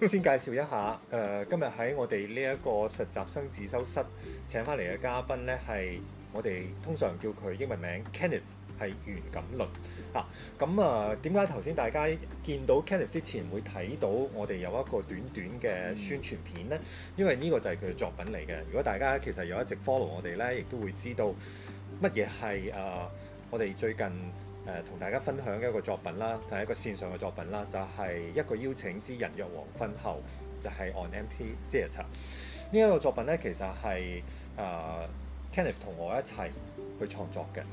先介紹一下，誒、呃，今日喺我哋呢一個實習生自修室請翻嚟嘅嘉賓呢，係我哋通常叫佢英文名 Kenneth，係袁錦倫。嗱，咁啊，點解頭先大家見到 Kenneth 之前會睇到我哋有一個短短嘅宣傳片呢？因為呢個就係佢嘅作品嚟嘅。如果大家其實有一直 follow 我哋呢，亦都會知道乜嘢係誒我哋最近。誒、呃、同大家分享一個作品啦，就係一個線上嘅作品啦，就係、是、一個邀請之人約黃昏後，就係、是、On Empty Theatre 呢一個作品咧，其實係啊、呃、Kenneth 同我一齊去創作嘅。誒、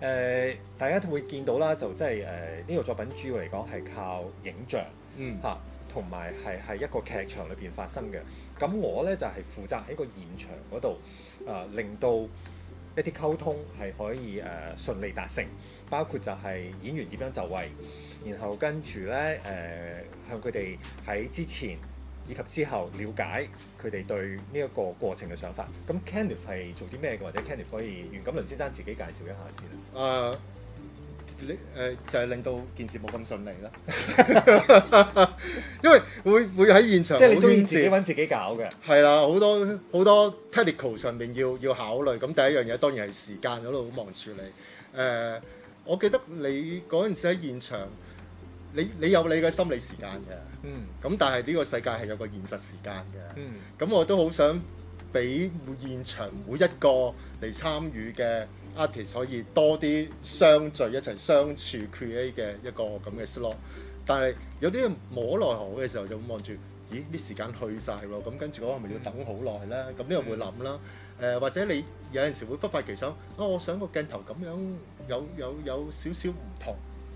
呃、大家會見到啦，就即係誒呢個作品主要嚟講係靠影像，嗯嚇，同埋係係一個劇場裏邊發生嘅。咁我咧就係、是、負責喺個現場嗰度啊，令到一啲溝通係可以誒、呃、順利達成，包括就係演員點樣就位，然後跟住咧誒向佢哋喺之前以及之後了解佢哋對呢一個過程嘅想法。咁 Kenneth 係做啲咩嘅？或者 Kenneth 可以袁錦倫先生自己介紹一下先啦。Uh huh. 你就係令到件事冇咁順利啦， 因為會會喺現場即係你中意自己揾自己搞嘅，係 啦樂，好多好多 technical 上面要要考慮。咁第一樣嘢當然係時間嗰度好忙處理。誒、呃，我記得你嗰陣時喺現場，你你有你嘅心理時間嘅，嗯，咁但係呢個世界係有個現實時間嘅，嗯，咁我都好想俾現場每一個嚟參與嘅。artist 可以多啲相聚一齊相處 create 嘅一個咁嘅 slot，但係有啲無可奈何嘅時候就會望住，咦啲時間去晒喎，咁跟住我係咪要等好耐咧？咁呢個會諗啦。誒、嗯呃、或者你有陣時會忽發奇想，啊、哦、我想個鏡頭咁樣有有有少少唔同，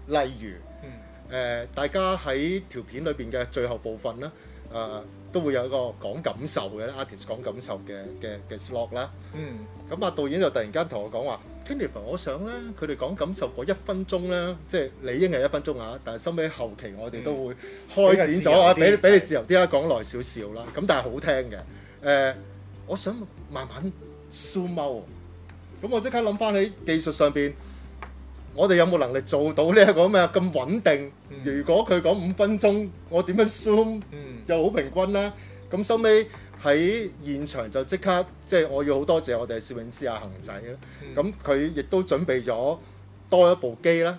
例如誒、嗯呃、大家喺條片裏邊嘅最後部分啦，誒、呃。都會有一個講感受嘅，artist 講感受嘅嘅嘅 slot 啦。嗯，咁啊導演就突然間同我講話，Kenneth，我想咧佢哋講感受嗰一分鐘咧，即係理應係一分鐘啊，但係收尾後期我哋都會開展咗啊，俾俾你自由啲啦，講耐少少啦。咁但係好聽嘅，誒，我想慢慢 zoom out。咁我即刻諗返喺技術上面。我哋有冇能力做到呢一個咁咁穩定？如果佢講五分鐘，我點樣 zoom 又好平均咧？咁收尾喺現場就即刻，即、就、係、是、我要好多謝我哋攝影師阿恒仔啦。咁佢亦都準備咗多一部機啦，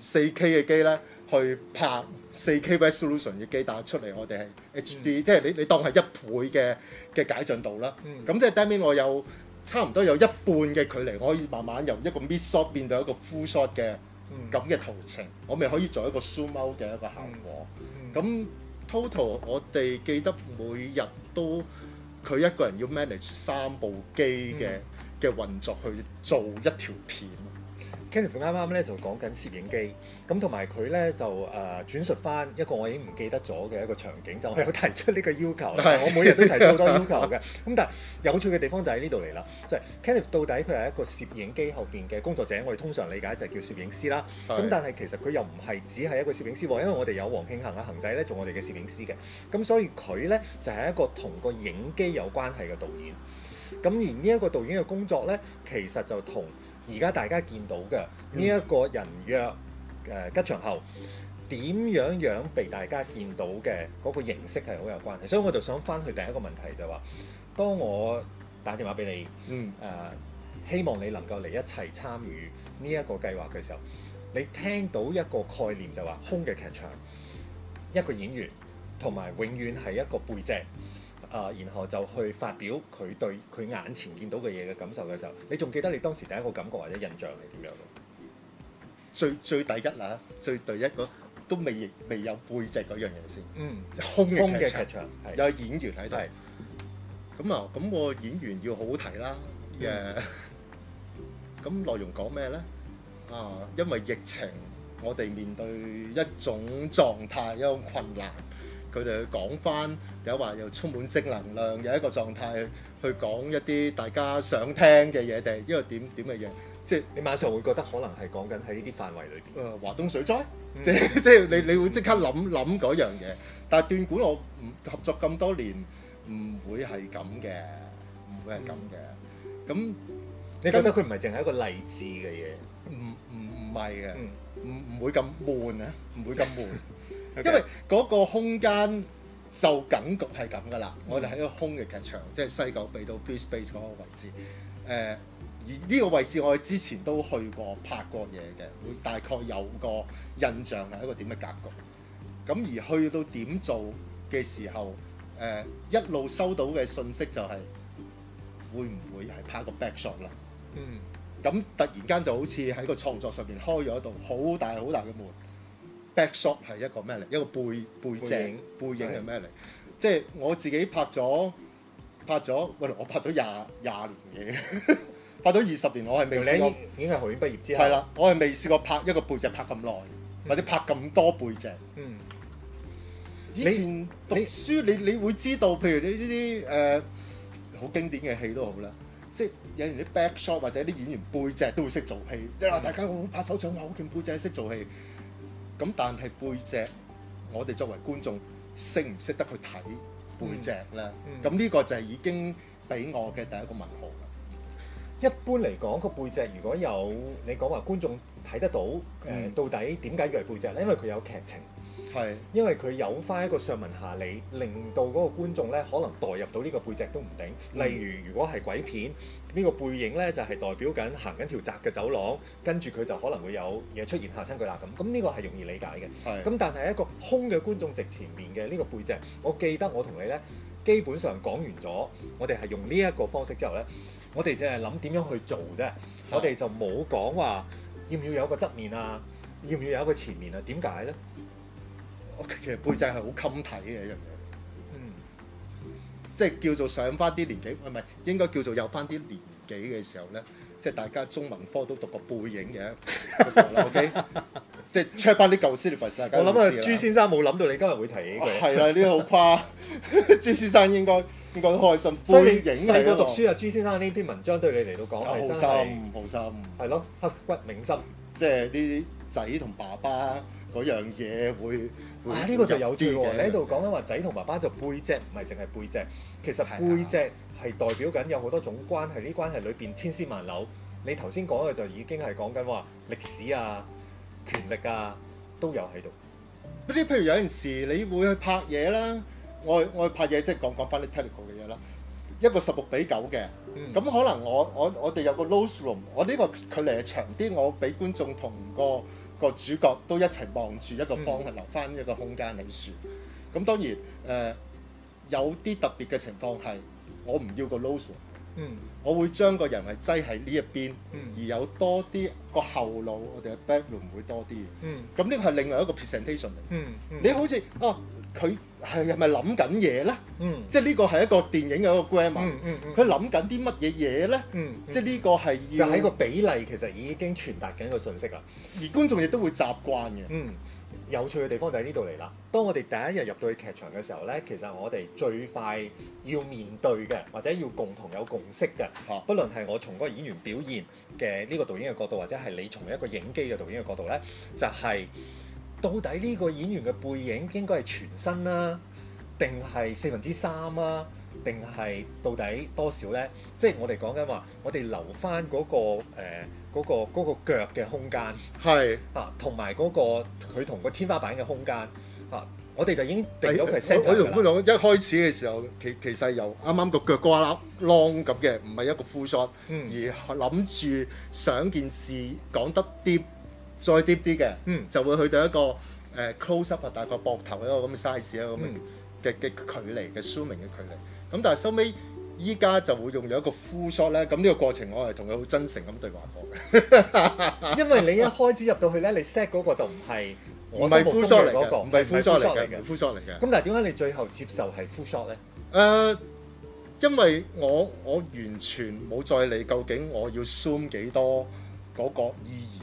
四 K 嘅機咧，去拍四 K resolution 嘅機打出嚟、嗯，我哋係 HD，即係你你當係一倍嘅嘅解進度啦。咁、嗯、即係下面我有。差唔多有一半嘅距離，我可以慢慢由一個 mid shot 變到一個 full shot 嘅咁嘅圖情，我咪可以做一個 zoom out 嘅一個效果。咁、嗯嗯、total 我哋記得每日都佢一個人要 manage 三部機嘅嘅運作去做一條片。Kenneth 啱啱咧就講緊攝影機，咁同埋佢咧就誒轉、呃、述翻一個我已經唔記得咗嘅一個場景，就係有提出呢個要求。係， 我每日都提出好多要求嘅。咁 但係有趣嘅地方就喺呢度嚟啦，即、就、係、是、Kenneth 到底佢係一個攝影機後邊嘅工作者，我哋通常理解就係叫攝影師啦。咁是但係其實佢又唔係只係一個攝影師喎，因為我哋有黃慶恆啊、恆仔咧做我哋嘅攝影師嘅。咁所以佢咧就係、是、一個同個影機有關係嘅導演。咁而呢一個導演嘅工作咧，其實就同而家大家見到嘅呢一個人約誒吉場後，點樣樣被大家見到嘅嗰、這個形式係好有關係，所以我就想翻去第一個問題就話、是，當我打電話俾你，誒、呃、希望你能夠嚟一齊參與呢一個計劃嘅時候，你聽到一個概念就話、是、空嘅劇場，一個演員同埋永遠係一個背脊。啊，然後就去發表佢對佢眼前見到嘅嘢嘅感受嘅時候，你仲記得你當時第一個感覺或者印象係點樣？最最第一啦，最第一嗰都未未有背脊嗰樣嘢先。嗯，空劇空嘅劇場是有演員喺度。咁啊是，咁個演員要好好睇啦。誒、嗯，咁，yeah，內容講咩咧？啊，因為疫情，我哋面對一種狀態，一種困難。佢哋去講返，又話又充滿正能量，又一個狀態去講一啲大家想聽嘅嘢定，因為點點嘅嘢，即係你馬上會覺得可能係講緊喺呢啲範圍裏邊。誒，華東水災，即即係你你會即刻諗諗嗰樣嘢，但係斷估我唔合作咁多年，唔會係咁嘅，唔會係咁嘅。咁你覺得佢唔係淨係一個勵志嘅嘢？唔唔唔係嘅，唔唔會咁悶啊，唔會咁悶。Okay. 因為嗰個空間就格局係咁㗎啦，mm hmm. 我哋喺個空嘅劇場，即、就、係、是、西九畀到 Freespace 嗰個位置，誒、呃、而呢個位置我哋之前都去過拍過嘢嘅，會大概有個印象係一個點嘅格局。咁而去到點做嘅時候，誒、呃、一路收到嘅信息就係會唔會係拍個 back shot 啦？嗯、mm，咁、hmm. 突然間就好似喺個創作上面開咗一道好大好大嘅門。back shot 係一個咩嚟？一個背背脊背影係咩嚟？即係對 我自己拍咗拍咗，我拍咗廿廿年嘅。 拍咗二十年，我係未試過。已經係學院畢業之後，係啦，我係未試過拍一個背脊拍咁耐，嗯、或者拍咁多背脊。嗯，以前你讀書你你會知道，譬如你呢啲誒好經典嘅戲都好啦，即係有啲 back shot 或者啲演員背脊都會識做戲，即係話大家好拍手掌，話好勁，背脊識做戲。咁但係背脊，我哋作為觀眾識唔識得去睇背脊呢？咁呢、嗯嗯、個就係已經俾我嘅第一個問號。一般嚟講，個背脊如果有你講話觀眾睇得到，誒、呃嗯、到底點解要係背脊呢？因為佢有劇情，係是因為佢有翻一個上文下理，令到嗰個觀眾呢可能代入到呢個背脊都唔定。例如如果係鬼片。嗯呢個背影呢，就係、是、代表緊行緊條窄嘅走廊，跟住佢就可能會有嘢出現嚇親佢啦咁。咁呢、這個係容易理解嘅。咁的但係一個空嘅觀眾席前面嘅呢個背脊，我記得我同你呢，基本上講完咗，我哋係用呢一個方式之後呢，我哋淨係諗點樣去做啫。的我哋就冇講話要唔要有一個側面啊，要唔要有一個前面啊？點解呢？其實、okay, 背脊係好襟睇嘅一樣即係叫做上翻啲年紀，唔係應該叫做有翻啲年紀嘅時候咧，即係大家中文科都讀過背影嘅，OK？即係 check 翻啲舊資料翻曬。我諗啊，朱先生冇諗到你今日會提起呢個。係啦，呢個好誇。朱先生應該應該都開心。背影係啊。細個讀書啊，朱先生呢篇文章對你嚟到講係真係好深好深。係咯，刻骨銘心。即係啲仔同爸爸嗰樣嘢會。啊！呢、呢個就有住你喺度講緊話仔同爸爸就背脊，唔係淨係背脊，其實背脊係代表緊有好多種關係，啲關係裏邊千絲萬縷。你頭先講嘅就已經係講緊話歷史啊、權力啊都有喺度。嗰啲譬如有陣時你會去拍嘢啦，我我去拍嘢即係講講翻你 technical 嘅嘢啦。一個十六比九嘅，咁、嗯、可能我我我哋有個 loose room，我呢個距離係長啲，我俾觀眾同個。個主角都一齊望住一個方向，嗯、留翻一個空間你説。咁當然誒、呃，有啲特別嘅情況係我唔要個 loser。嗯，我會將個人係擠喺呢一邊，嗯、而有多啲個後腦，我哋嘅 background 會唔會多啲？嗯，咁呢個係另外一個 presentation 嚟、嗯。嗯，你好似哦佢。啊係係咪諗緊嘢呢？嗯，即係呢個係一個電影嘅一個 grammar、嗯。佢諗緊啲乜嘢嘢呢？嗯嗯、即係呢個係要就喺個比例其實已經傳達緊一個訊息喇。而觀眾亦都會習慣嘅。嗯，有趣嘅地方就喺呢度嚟啦。當我哋第一日入到去劇場嘅時候呢，其實我哋最快要面對嘅，或者要共同有共識嘅，吓，不論係我從嗰個演員表現嘅呢個導演嘅角度，或者係你從一個影機嘅導演嘅角度呢，就係、是。到底呢個演員嘅背影應該係全身啦、啊，定係四分之三啊？定係到底多少咧？即係我哋講緊話，我哋留翻嗰、嗰個誒嗰、呃嗰個嗰個腳嘅空間，係是啊，同埋嗰個佢同個天花板嘅空間啊，我哋就已經定咗佢。我同觀眾一開始嘅時候，其其實由啱啱個腳瓜笠啷咁嘅，唔係一個 full shot 而諗住想件事講得啲。再 deep 啲嘅，嗯，就會去到一個誒、呃、close up 啊，大概膊頭一個咁嘅 size 啊，咁嘅嘅嘅距離嘅 zooming 嘅距離，咁但係收尾依家就會用咗一個 full shot 咧。咁呢個過程我係同佢好真誠咁對話過嘅。 因為你一開始入到去咧，你 set 嗰個就唔係、嗰個、full shot 嚟嘅，唔係 full shot 嚟嘅，唔係 full shot 嚟嘅。咁但係點解你最後接受係 full shot 咧？誒、呃，因為我我完全冇再理究竟我要 zoom 幾多嗰個意義。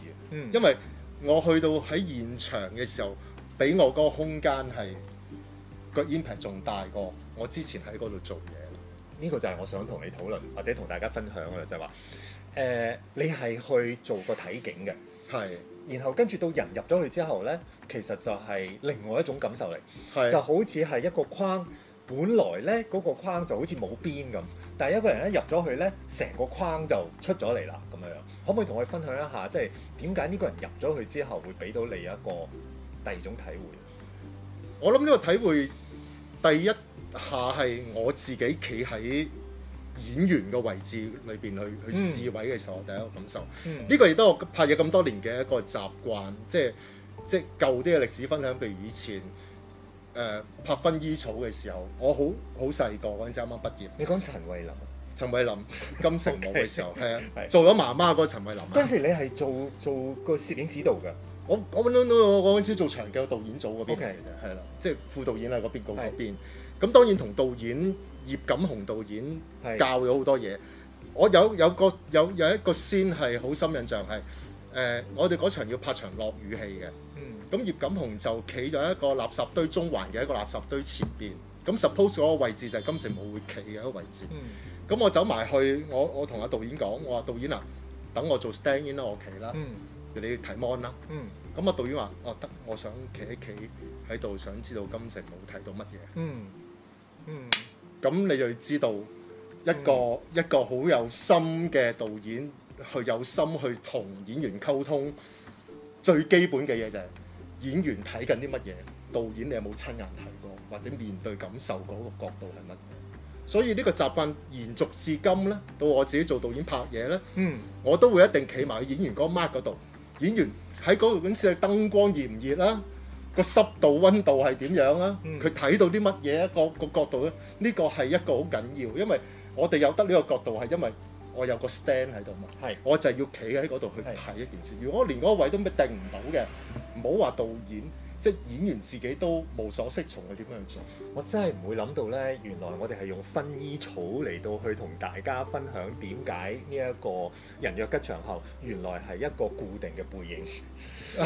因為我去到喺現場嘅時候，俾我個空間係個 i m 仲大過我之前喺嗰度做嘢。呢個就係我想同你討論，或者同大家分享嘅就係、是、話，誒、呃，你係去做個體景嘅，係是。然後跟住到人入咗去之後呢，其實就係另外一種感受嚟，是就好似係一個框，本來呢嗰、那個框就好似冇邊咁，但係一個人咧入咗去呢，成個框就出咗嚟啦。可唔可以同我哋分享一下，即係點解呢個人入咗去之後會俾到你一個第二種體會？我諗呢個體會第一下係我自己企喺演員嘅位置裏邊去、嗯、去試位嘅時候，我第一個感受。呢、嗯嗯、個亦都我拍嘢咁多年嘅一個習慣，即係即係舊啲嘅歷史分享。譬如以前誒、呃、拍《薰衣草》嘅時候，我好好細個陣時啱啱畢業，你講陳慧琳。陳慧琳金城武嘅時候，係啊，做咗媽媽嗰個陳慧琳。嗰陣時你係做做個攝影指導嘅。我我我我嗰陣時做長嘅導演組嗰邊嚟嘅，係啦 Okay.，即係副導演喺嗰邊，嗰邊。咁 當然同導演葉錦鴻導演教咗好多嘢。我有有個有有一個先係好深印象係，誒、呃，我哋嗰場要拍場落雨戲嘅。咁 葉錦鴻就企咗一個垃圾堆中環嘅一個垃圾堆前邊。咁 suppose 嗰個位置就係金城武會企嘅一個位置。 咁我走埋去，我我同阿導演講，我話導演啊，等我做 stand in，我 s t a n d i n 啦，我企啦，你睇 mon 啦。咁啊導演話，哦得，我想企一企喺度，想知道今次冇睇到乜嘢。嗯，咁你就知道一個、嗯、一個好有心嘅導演，佢有心去同演員溝通最基本嘅嘢就係演員睇緊啲乜嘢，導演你有冇親眼睇過，或者面對感受過嗰個角度係乜嘢？所以呢個習慣延續至今呢，到我自己做導演拍嘢咧，嗯、我都會一定企埋去演員嗰 mark 嗰度，演員喺嗰度本身係燈光熱唔熱啦、啊，個濕度、溫度係點樣啦、啊，佢睇、嗯、到啲乜嘢一個個角度咧，呢、呢個係一個好緊要，因為我哋有得呢個角度係因為我有個 stand 喺度嘛，是我就係要企喺嗰度去睇一件事，是如果連嗰個位都定唔到嘅，唔好話導演。即演員自己都無所適從，我點樣做？我真係唔會諗到呢，原來我哋係用薰衣草嚟到去同大家分享點解呢一個人約吉場後，原來係一個固定嘅背影。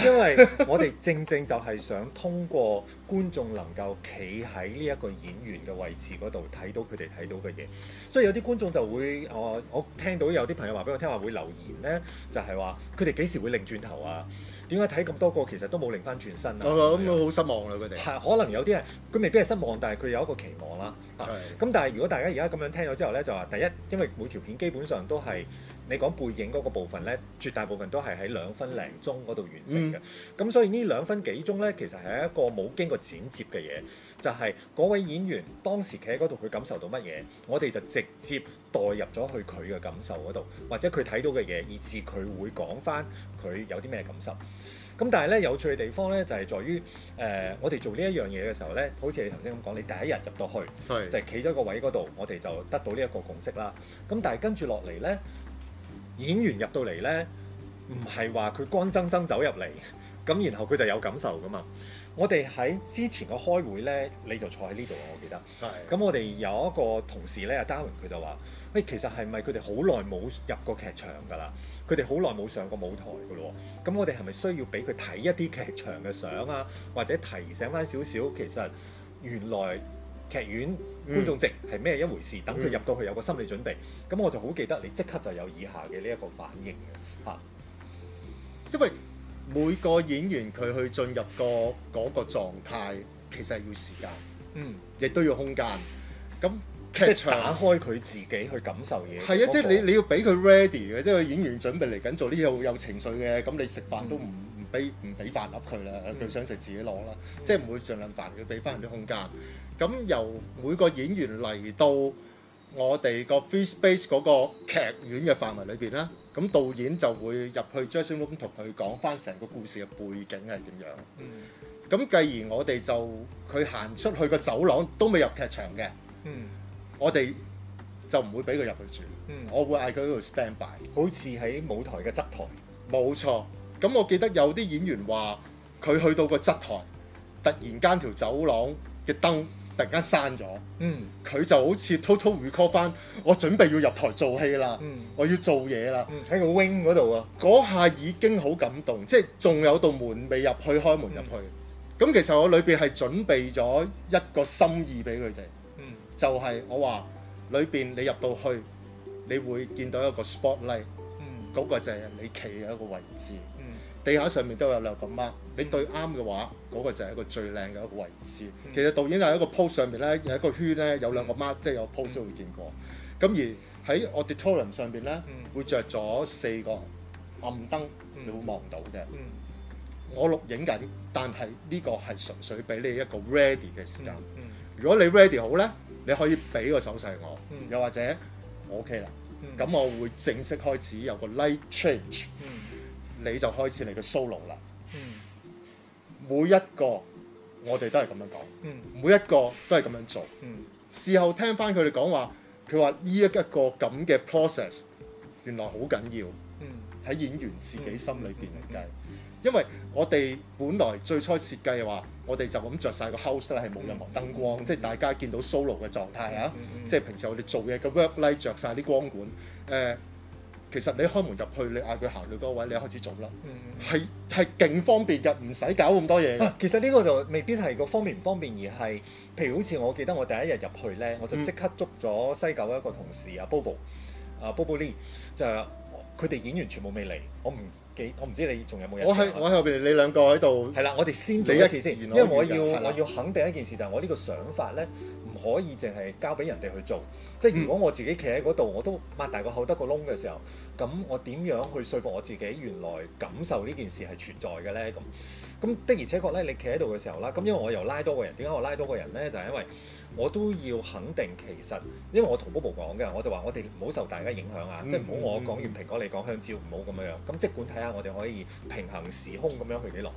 因為我哋正正就係想通過觀眾能夠企喺呢一個演員嘅位置嗰度，睇到佢哋睇到嘅嘢。所以有啲觀眾就會我我聽到有啲朋友話俾我聽話會留言呢，就係話佢哋幾時會擰轉頭啊？點解睇咁多個其實都冇擰翻轉身啊？咁佢好失望啦！佢哋可能有啲人，佢未必係失望，但係佢有一個期望啦。咁，的但係如果大家而家咁樣聽咗之後咧，就話第一，因為每條片基本上都係。你講背影嗰個部分咧，絕大部分都係喺兩分零鐘嗰度完成嘅。咁、嗯、所以呢兩分幾鐘咧，其實係一個冇經過剪接嘅嘢，就係、是、嗰位演員當時企喺嗰度，佢感受到乜嘢，我哋就直接代入咗去佢嘅感受嗰度，或者佢睇到嘅嘢，以至佢會講返佢有啲咩感受。咁但係咧有趣嘅地方咧，就係、是、在於誒、呃，我哋做呢一樣嘢嘅時候咧，好似你頭先咁講，你第一日入到去，是就係企咗個位嗰度，我哋就得到呢一個共識啦。咁但係跟住落嚟咧。演員入到嚟呢，唔係話佢乾爭爭走入嚟，咁 然後佢就有感受噶嘛。我哋喺之前個開會呢，你就坐喺呢度啊，我記得。係的。咁我哋有一個同事呢，阿 Darwin 佢就話：喂，其實係咪佢哋好耐冇入過劇場㗎啦？佢哋好耐冇上過舞台㗎咯。咁我哋係咪需要俾佢睇一啲劇場嘅相啊？或者提醒返少少，其實原來，劇院觀眾席係咩一回事？嗯、等佢入到去有個心理準備，咁、嗯、我就好記得你即刻就有以下嘅呢一個反應嘅嚇。啊、因為每個演員佢去進入個嗰、嗰個狀態，其實係要時間，嗯，亦都要空間。咁劇場打開佢自己去感受嘢，係啊，那個、即係你你要俾佢 ready 嘅，即係演員準備嚟緊做呢有有情緒嘅，咁你食飯都唔。嗯俾唔俾飯盒佢啦，佢、嗯、想食自己攞啦，嗯、即係唔會盡量煩佢，俾翻人啲空間。咁、嗯、由每個演員嚟到我哋個 Free Space 嗰個劇院嘅範圍裏邊啦，咁、嗯嗯、導演就會入去 judging room 同佢講翻成個故事嘅背景係點樣。咁繼而我哋就佢行出去個走廊都未入劇場嘅，嗯、我哋就唔會俾佢入去住。嗯、我會嗌佢喺度 stand by，好似喺舞台嘅側台。冇錯。咁我記得有啲演員話佢去到個側台，突然間條走廊嘅燈突然間閂咗，佢、嗯、就好似 total recall 翻，我準備要入台做戲啦，嗯、我要做嘢啦，喺、嗯、個 wing 嗰度啊，嗰下已經好感動，即係仲有道門未入去，開門入去，咁、嗯、其實我裏邊係準備咗一個心意俾佢哋，嗯、就係我話裏邊你入到去，你會見到一個 spotlight，嗰、嗯、個就係你企嘅一個位置。地下上面都有兩個 mark，你對啱嘅話，嗰、嗰個就係一個最靚嘅一個位置。其實導演喺一個 post 上面咧，有一個圈咧，有兩個 mark，嗯、即係有 post 都會見過。咁而喺 auditorium 上邊咧、嗯、會着咗四個暗燈，嗯、你會望到嘅。嗯、我錄影緊，但係呢個係純粹俾你一個 ready 嘅時間。嗯嗯、如果你 ready 好咧，你可以俾個手勢我，嗯、又或者 OK 啦，咁、嗯、我會正式開始有個 light change、嗯。你就開始你個 solo 啦。嗯，每一個我哋都係咁樣講。嗯，每一個都係咁樣做說說 ım。Like like、嗯，事後聽翻佢哋講話，佢話呢一個咁嘅 process 原來好緊要。嗯，喺演員自己心裏邊嚟計，因為我哋本來最初設計話，我哋就咁着晒個 house 係冇任何燈光，即係大家見到 solo 嘅、嗯、狀態啊。即係、嗯嗯嗯、平時我哋做嘢嘅 work light 著晒啲光管，誒。其實你開門入去，你嗌佢行到嗰位，你開始做啦。嗯，係係勁方便嘅，唔使搞咁多嘢、啊、其實呢個就未必係個方便唔方便，而係，譬如好似我記得我第一日入去咧，我就即刻捉咗西九一個同事、嗯、啊，Bobo，啊 Bobo Lee，e 就係佢哋演員全部未嚟，我唔記，我唔知，知你仲有冇人。我喺是吧我喺後邊，你兩個喺度。係啦，我哋先做一次先，因為我要吧我要肯定一件事，就係、是、我呢個想法咧。可以淨係交俾人哋去做，即係如果我自己企喺嗰度，我都擘大個口得個窿嘅時候，咁我點樣去説服我自己原來感受呢件事係存在嘅呢？咁咁的而且確咧，你企喺度嘅時候啦，咁因為我又拉多個人，點解我拉多個人呢？就係因為我都要肯定其實，因為我同波波講嘅，我就話我哋唔好受大家影響啊，即係唔好我講完蘋果你講香蕉，唔好咁樣。咁即管睇下我哋可以平衡時空咁樣去幾耐。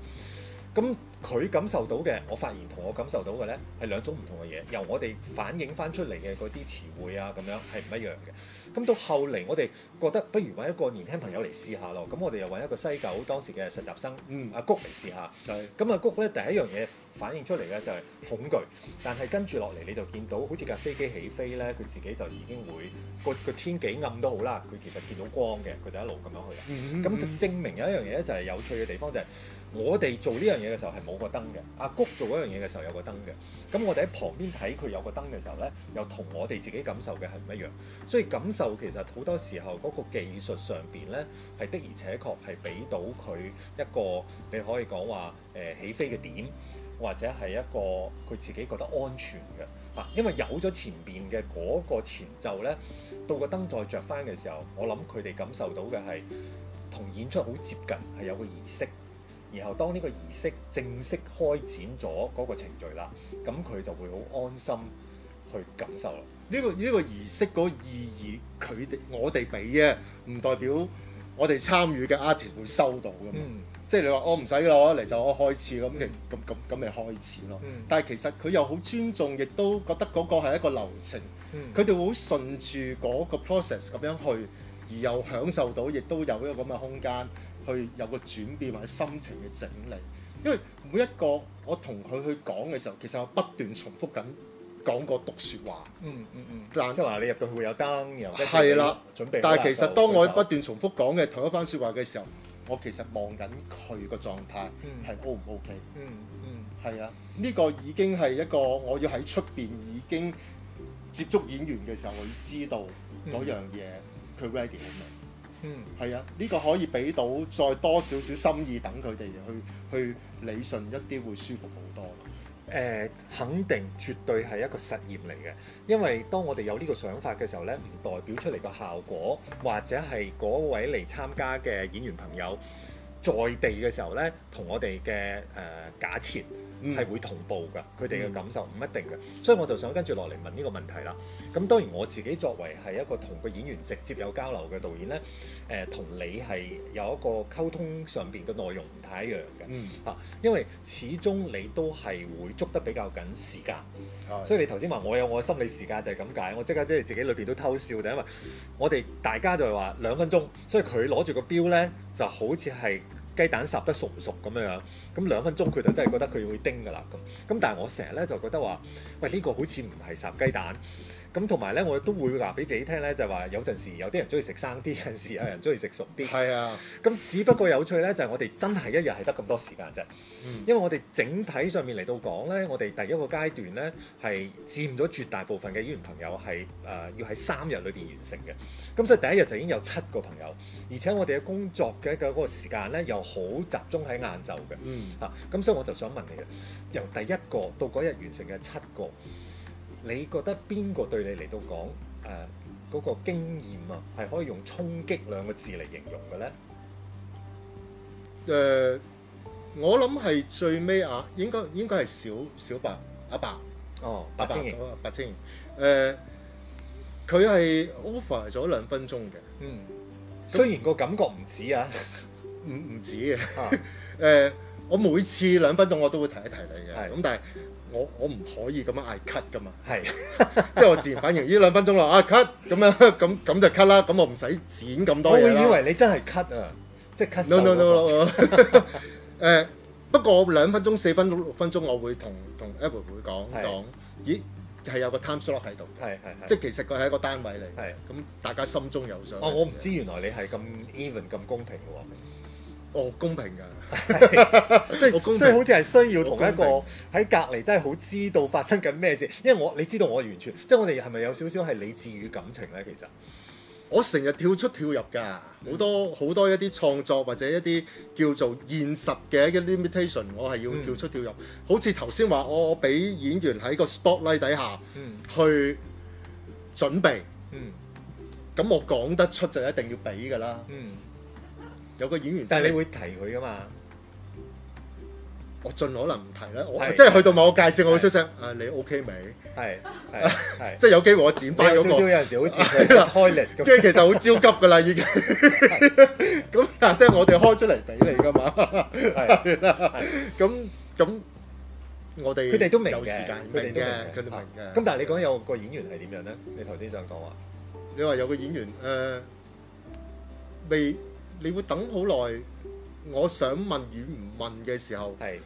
咁佢感受到嘅，我發現同我感受到嘅咧係兩種唔同嘅嘢，由我哋反映翻出嚟嘅嗰啲詞彙啊，咁樣係唔一樣嘅。咁到後嚟，我哋覺得不如搵一個年輕朋友嚟試下咯。咁我哋又搵一個西九當時嘅實習生阿、嗯啊、谷嚟試下。咁阿對、啊、谷咧第一樣嘢反映出嚟咧就係恐懼，但係跟住落嚟你就見到，好似架飛機起飛咧，佢自己就已經會個個天幾暗都好啦，佢其實見到光嘅，佢就一路咁樣去。咁、嗯嗯嗯、就證明有一樣嘢咧，就係有趣嘅地方就係、是。我哋做呢樣嘢嘅時候係冇個燈嘅，阿谷做嗰樣嘢嘅時候有個燈嘅，咁我哋喺旁邊睇佢有個燈嘅時候呢，又同我哋自己感受嘅係唔一樣，所以感受其實好多時候嗰個技術上邊呢，係的而且確係俾到佢一個你可以講話誒、呃、起飛嘅點，或者係一個佢自己覺得安全嘅、啊，因為有咗前邊嘅嗰個前奏呢，到個燈再着翻嘅時候，我諗佢哋感受到嘅係同演出好接近，係有個儀式。然後當呢個儀式正式開展咗嗰個程序啦，咁佢就會好安心去感受啦。呢、這個呢、這個儀式個意義，佢哋我哋俾嘅，唔代表我哋參與嘅 artist 會收到嘅嘛。嗯、即係你話我唔使攞嚟就我開始咁嘅，咁咁咁咪開始咯。嗯、但係其實佢又好尊重，亦都覺得嗰個係一個流程。佢哋、嗯、會好順住嗰個 process 咁樣去，而又享受到，亦都有一個咁嘅空間。去有個轉變或者心情嘅整理，因為每一個我同佢去講嘅時候，其實我不斷重複緊講過毒說話。嗯嗯嗯，嗯嗯即係話你入到去會有燈，有係啦準備。但係其實當我不斷重複講嘅同一番說話嘅時候，我其實望緊佢個狀態，係 O 唔 OK？嗯嗯，係、嗯、啊，呢、嗯這個已經係一個我要喺出邊已經接觸演員嘅時候，我要知道嗰樣嘢，佢 ready 好未。嗯，係啊，呢個可以俾到再多少少心意，等佢哋去去理順一啲，會舒服好多。誒，肯定絕對係一個實驗嚟嘅，因為當我哋有呢個想法嘅時候咧，唔代表出嚟個效果，或者係嗰位嚟參加嘅演員朋友。在地嘅時候呢，同我哋嘅誒假設係會同步㗎，佢哋嘅感受唔一定嘅，嗯、所以我就想跟住落嚟問呢個問題啦。咁當然我自己作為係一個同個演員直接有交流嘅導演呢，誒、呃、同你係有一個溝通上邊嘅內容唔太一樣嘅，嚇、嗯啊，因為始終你都係會捉得比較緊時間，嗯、所以你頭先話我有我嘅心理時間就係咁解，我即刻即係自己裏邊都偷笑，就係、因為我哋大家就係話兩分鐘，所以佢攞住個錶呢就好似係。雞蛋烚得熟唔熟咁樣，咁兩分鐘佢就真係覺得佢會叮㗎啦咁，咁但係我成日咧就覺得話，喂呢個好似唔係烚雞蛋。咁同埋咧，我都會話俾自己聽咧，就話、係、有陣時有啲人中意食生啲，有陣時有人中意食熟啲。係啊，咁只不過有趣咧，就係、係、我哋真係一日係得咁多時間啫。因為我哋整體上面嚟到講咧，我哋第一個階段咧係佔咗絕大部分嘅演員朋友係誒、呃、要喺三日裏邊完成嘅。咁所以第一日就已經有七個朋友，而且我哋嘅工作嘅一個嗰個時間咧又好集中喺晏晝嘅。嗯， 啊，咁所以我就想問你啦，由第一個到嗰日完成嘅七個。你覺得邊個對你嚟到講誒嗰個經驗啊，係可以用衝擊兩個字嚟形容嘅咧？誒、呃，我諗係最尾啊，應該應該係小小白阿白哦，白青瑩，白青瑩誒，佢係、呃、offer 咗兩分鐘嘅，嗯，那雖然個感覺唔止啊，唔 唔止啊。誒、 呃。我每次兩分鐘我都會提一提你嘅，咁但係我我唔可以咁樣嗌 cut 噶嘛，係，即係我自然反應呢兩分鐘咯，啊 cut 咁樣咁咁就 cut 啦，咁我唔使剪咁多嘢啦。我以為你真係 cut 啊，即係 cut。no no no no，誒不過兩分鐘四分六分鐘，我會同同 Elly 會講講，咦係有個 time slot 喺度，係係即係其實佢係一個單位嚟，係咁大家心中有想。哦，我唔知原來你係咁 even 咁公平喎。哦，公平噶，即係公平即係，好似係需要同一個喺隔籬，真係好知道發生緊咩事。因為我你知道，我完全即係我哋係咪有少少係理智與感情咧？其實我成日跳出跳入噶，好多好、嗯、多一啲創作或者一啲叫做現實嘅一啲 limitation，我係要跳出跳入。嗯、好似頭先話，我我俾演員喺個 spotlight 底下、嗯、去準備，嗯，咁我講得出就一定要俾噶啦，嗯。有個演員，但係你會提佢噶嘛？我盡可能唔提啦。我即係去到某個界線，我會出聲，啊，你 OK 未？係係即係有機會我剪翻嗰個。有時好似開力，即係其實好焦急噶啦，已經。咁，嗱，即係我哋開出嚟畀你㗎嘛。係啦，咁咁，我哋佢哋都未明嘅，明嘅，佢哋明嘅。咁但係你講有個演員係點樣咧？你頭先想講話，你話有個演員誒未？你會等好耐，我想問與唔問嘅時候，係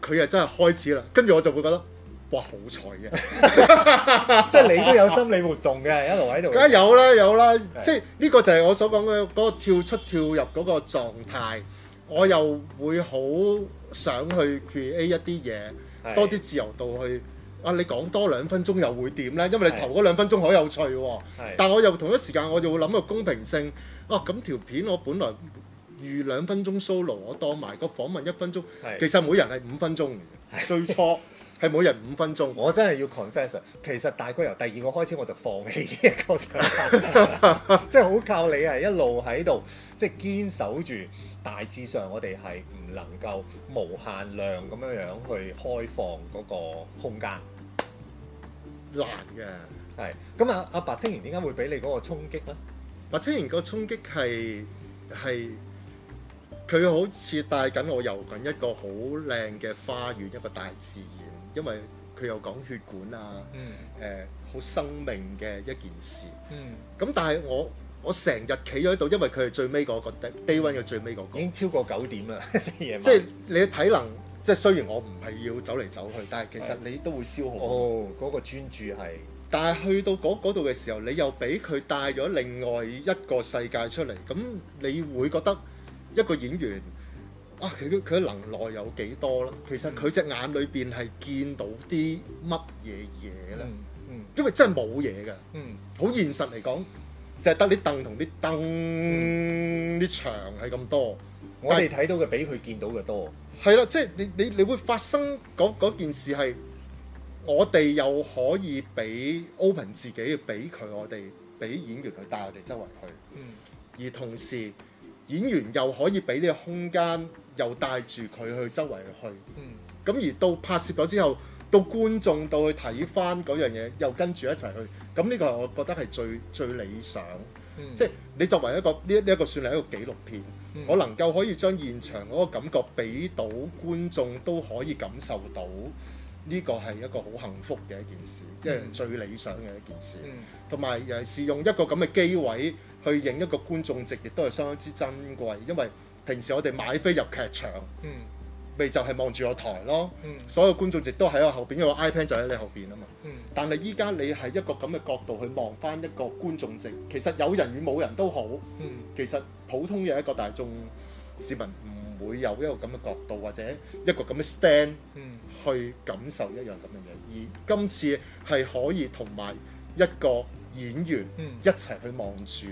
佢係真係開始啦。跟住我就會覺得，哇，好彩嘅，即係你都有心理活動嘅，一路喺度。梗係有啦，有啦，即係呢個就係我所講嘅嗰個跳出跳入嗰個狀態。是我又會好想去 create 一啲嘢，是多啲自由度去。啊！你講多兩分鐘又會點呢？因為你頭嗰兩分鐘好有趣喎、哦。的但我又同一時間，我就會諗個公平性。哦、啊，咁條片我本來預兩分鐘 solo，我當埋個訪問一分鐘。的其實每人係五分鐘嘅，的最初係每人五分鐘。 我真係要 confess，其實大概由第二個開始我就放棄個想法、 啊、一個時間。即係好靠你係一路喺度，即係堅守住大致上，我哋係唔能夠無限量咁樣樣去開放嗰個空間。難嘅，係咁啊！阿白青然點解會俾你嗰個衝擊呢？白青然個衝擊係係佢好似帶緊我遊緊一個好靚嘅花園，一個大自然。因為佢又講血管啊，誒好、嗯呃、生命嘅一件事。咁、嗯、但係我我成日企咗喺度，因為佢係最尾嗰個低低溫嘅最尾嗰個，那個、已經超過九點啦，即係你嘅體能。即係雖然我唔係要走嚟走去，但係其實你都會消耗。哦，嗰、嗰個專注係。但係去到嗰度嘅時候，你又俾佢帶咗另外一個世界出嚟。咁你會覺得一個演員啊，佢佢嘅能耐有幾多啦？其實佢隻眼裏邊係見到啲乜嘢嘢咧？嗯嗯、因為真係冇嘢㗎。嗯，好現實嚟講，就係得啲凳同啲燈、啲牆係咁多。我哋睇到嘅比佢見到嘅多。係啦，即係你你你會發生嗰件事係，我哋又可以俾 open 自己，俾佢我哋，俾演員去帶我哋周圍去。嗯。而同時演員又可以俾呢個空間，又帶住佢去周圍去。嗯。咁而到拍攝咗之後，到觀眾到去睇翻嗰樣嘢，又跟住一齊去。咁呢個係我覺得係最最理想。嗯、即係你作為一個呢一個算係一個紀錄片，嗯、我能夠可以將現場嗰個感覺俾到觀眾都可以感受到，呢、這個係一個好幸福嘅一件事，即係、嗯、最理想嘅一件事。同埋又係用一個咁嘅機位去影一個觀眾席，亦都係相當之珍貴，因為平時我哋買飛入劇場。嗯咪就係望住個台咯，嗯、所有觀眾席都喺我後邊，因為個 iPad 就喺你後邊啊嘛。嗯、但係依家你係一個咁嘅角度去望翻一個觀眾席，其實有人與冇人都好。嗯、其實普通嘅一個大眾市民唔會有一個咁嘅角度或者一個咁嘅 stand、嗯、去感受一樣咁嘅嘢，而今次係可以同埋一個演員一齊去望住。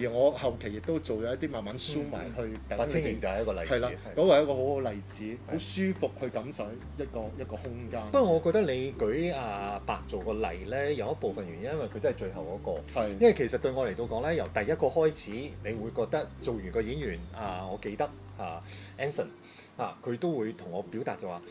而我後期亦都做咗一啲慢慢收埋、嗯、去。白清就係一個例子，係啦的，嗰個係一個好好例子，好的舒服去感受一個一個空間。不過我覺得你舉阿白做個例咧，有一部分原因因為佢真係最後嗰個，的因為其實對我嚟到講咧，由第一個開始，你會覺得做完個演員啊，我記得啊，Anson 啊，佢、啊、都會同我表達就話，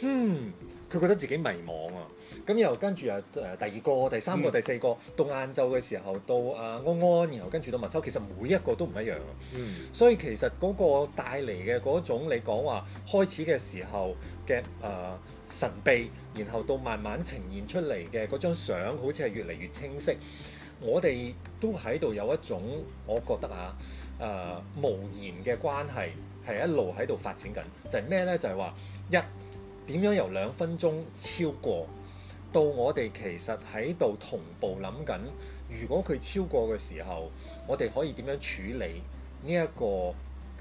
嗯，佢覺得自己迷惘啊。咁又跟住啊誒第二個、第三個、第四個，到晏晝嘅時候，到啊安安，然後跟住到文秋，其實每一個都唔一樣，嗯，所以其實嗰個帶嚟嘅嗰種你講話開始嘅時候嘅誒、呃、神秘，然後到慢慢呈現出嚟嘅嗰張相，好似係越嚟越清晰。我哋都喺度有一種，我覺得啊誒、呃、無言嘅關係係一路喺度發展緊，就係、是、咩呢？就係、是、話一點樣由兩分鐘超過。到我哋其實喺度同步諗緊，如果佢超過嘅時候，我哋可以點樣處理呢、這、一個誒、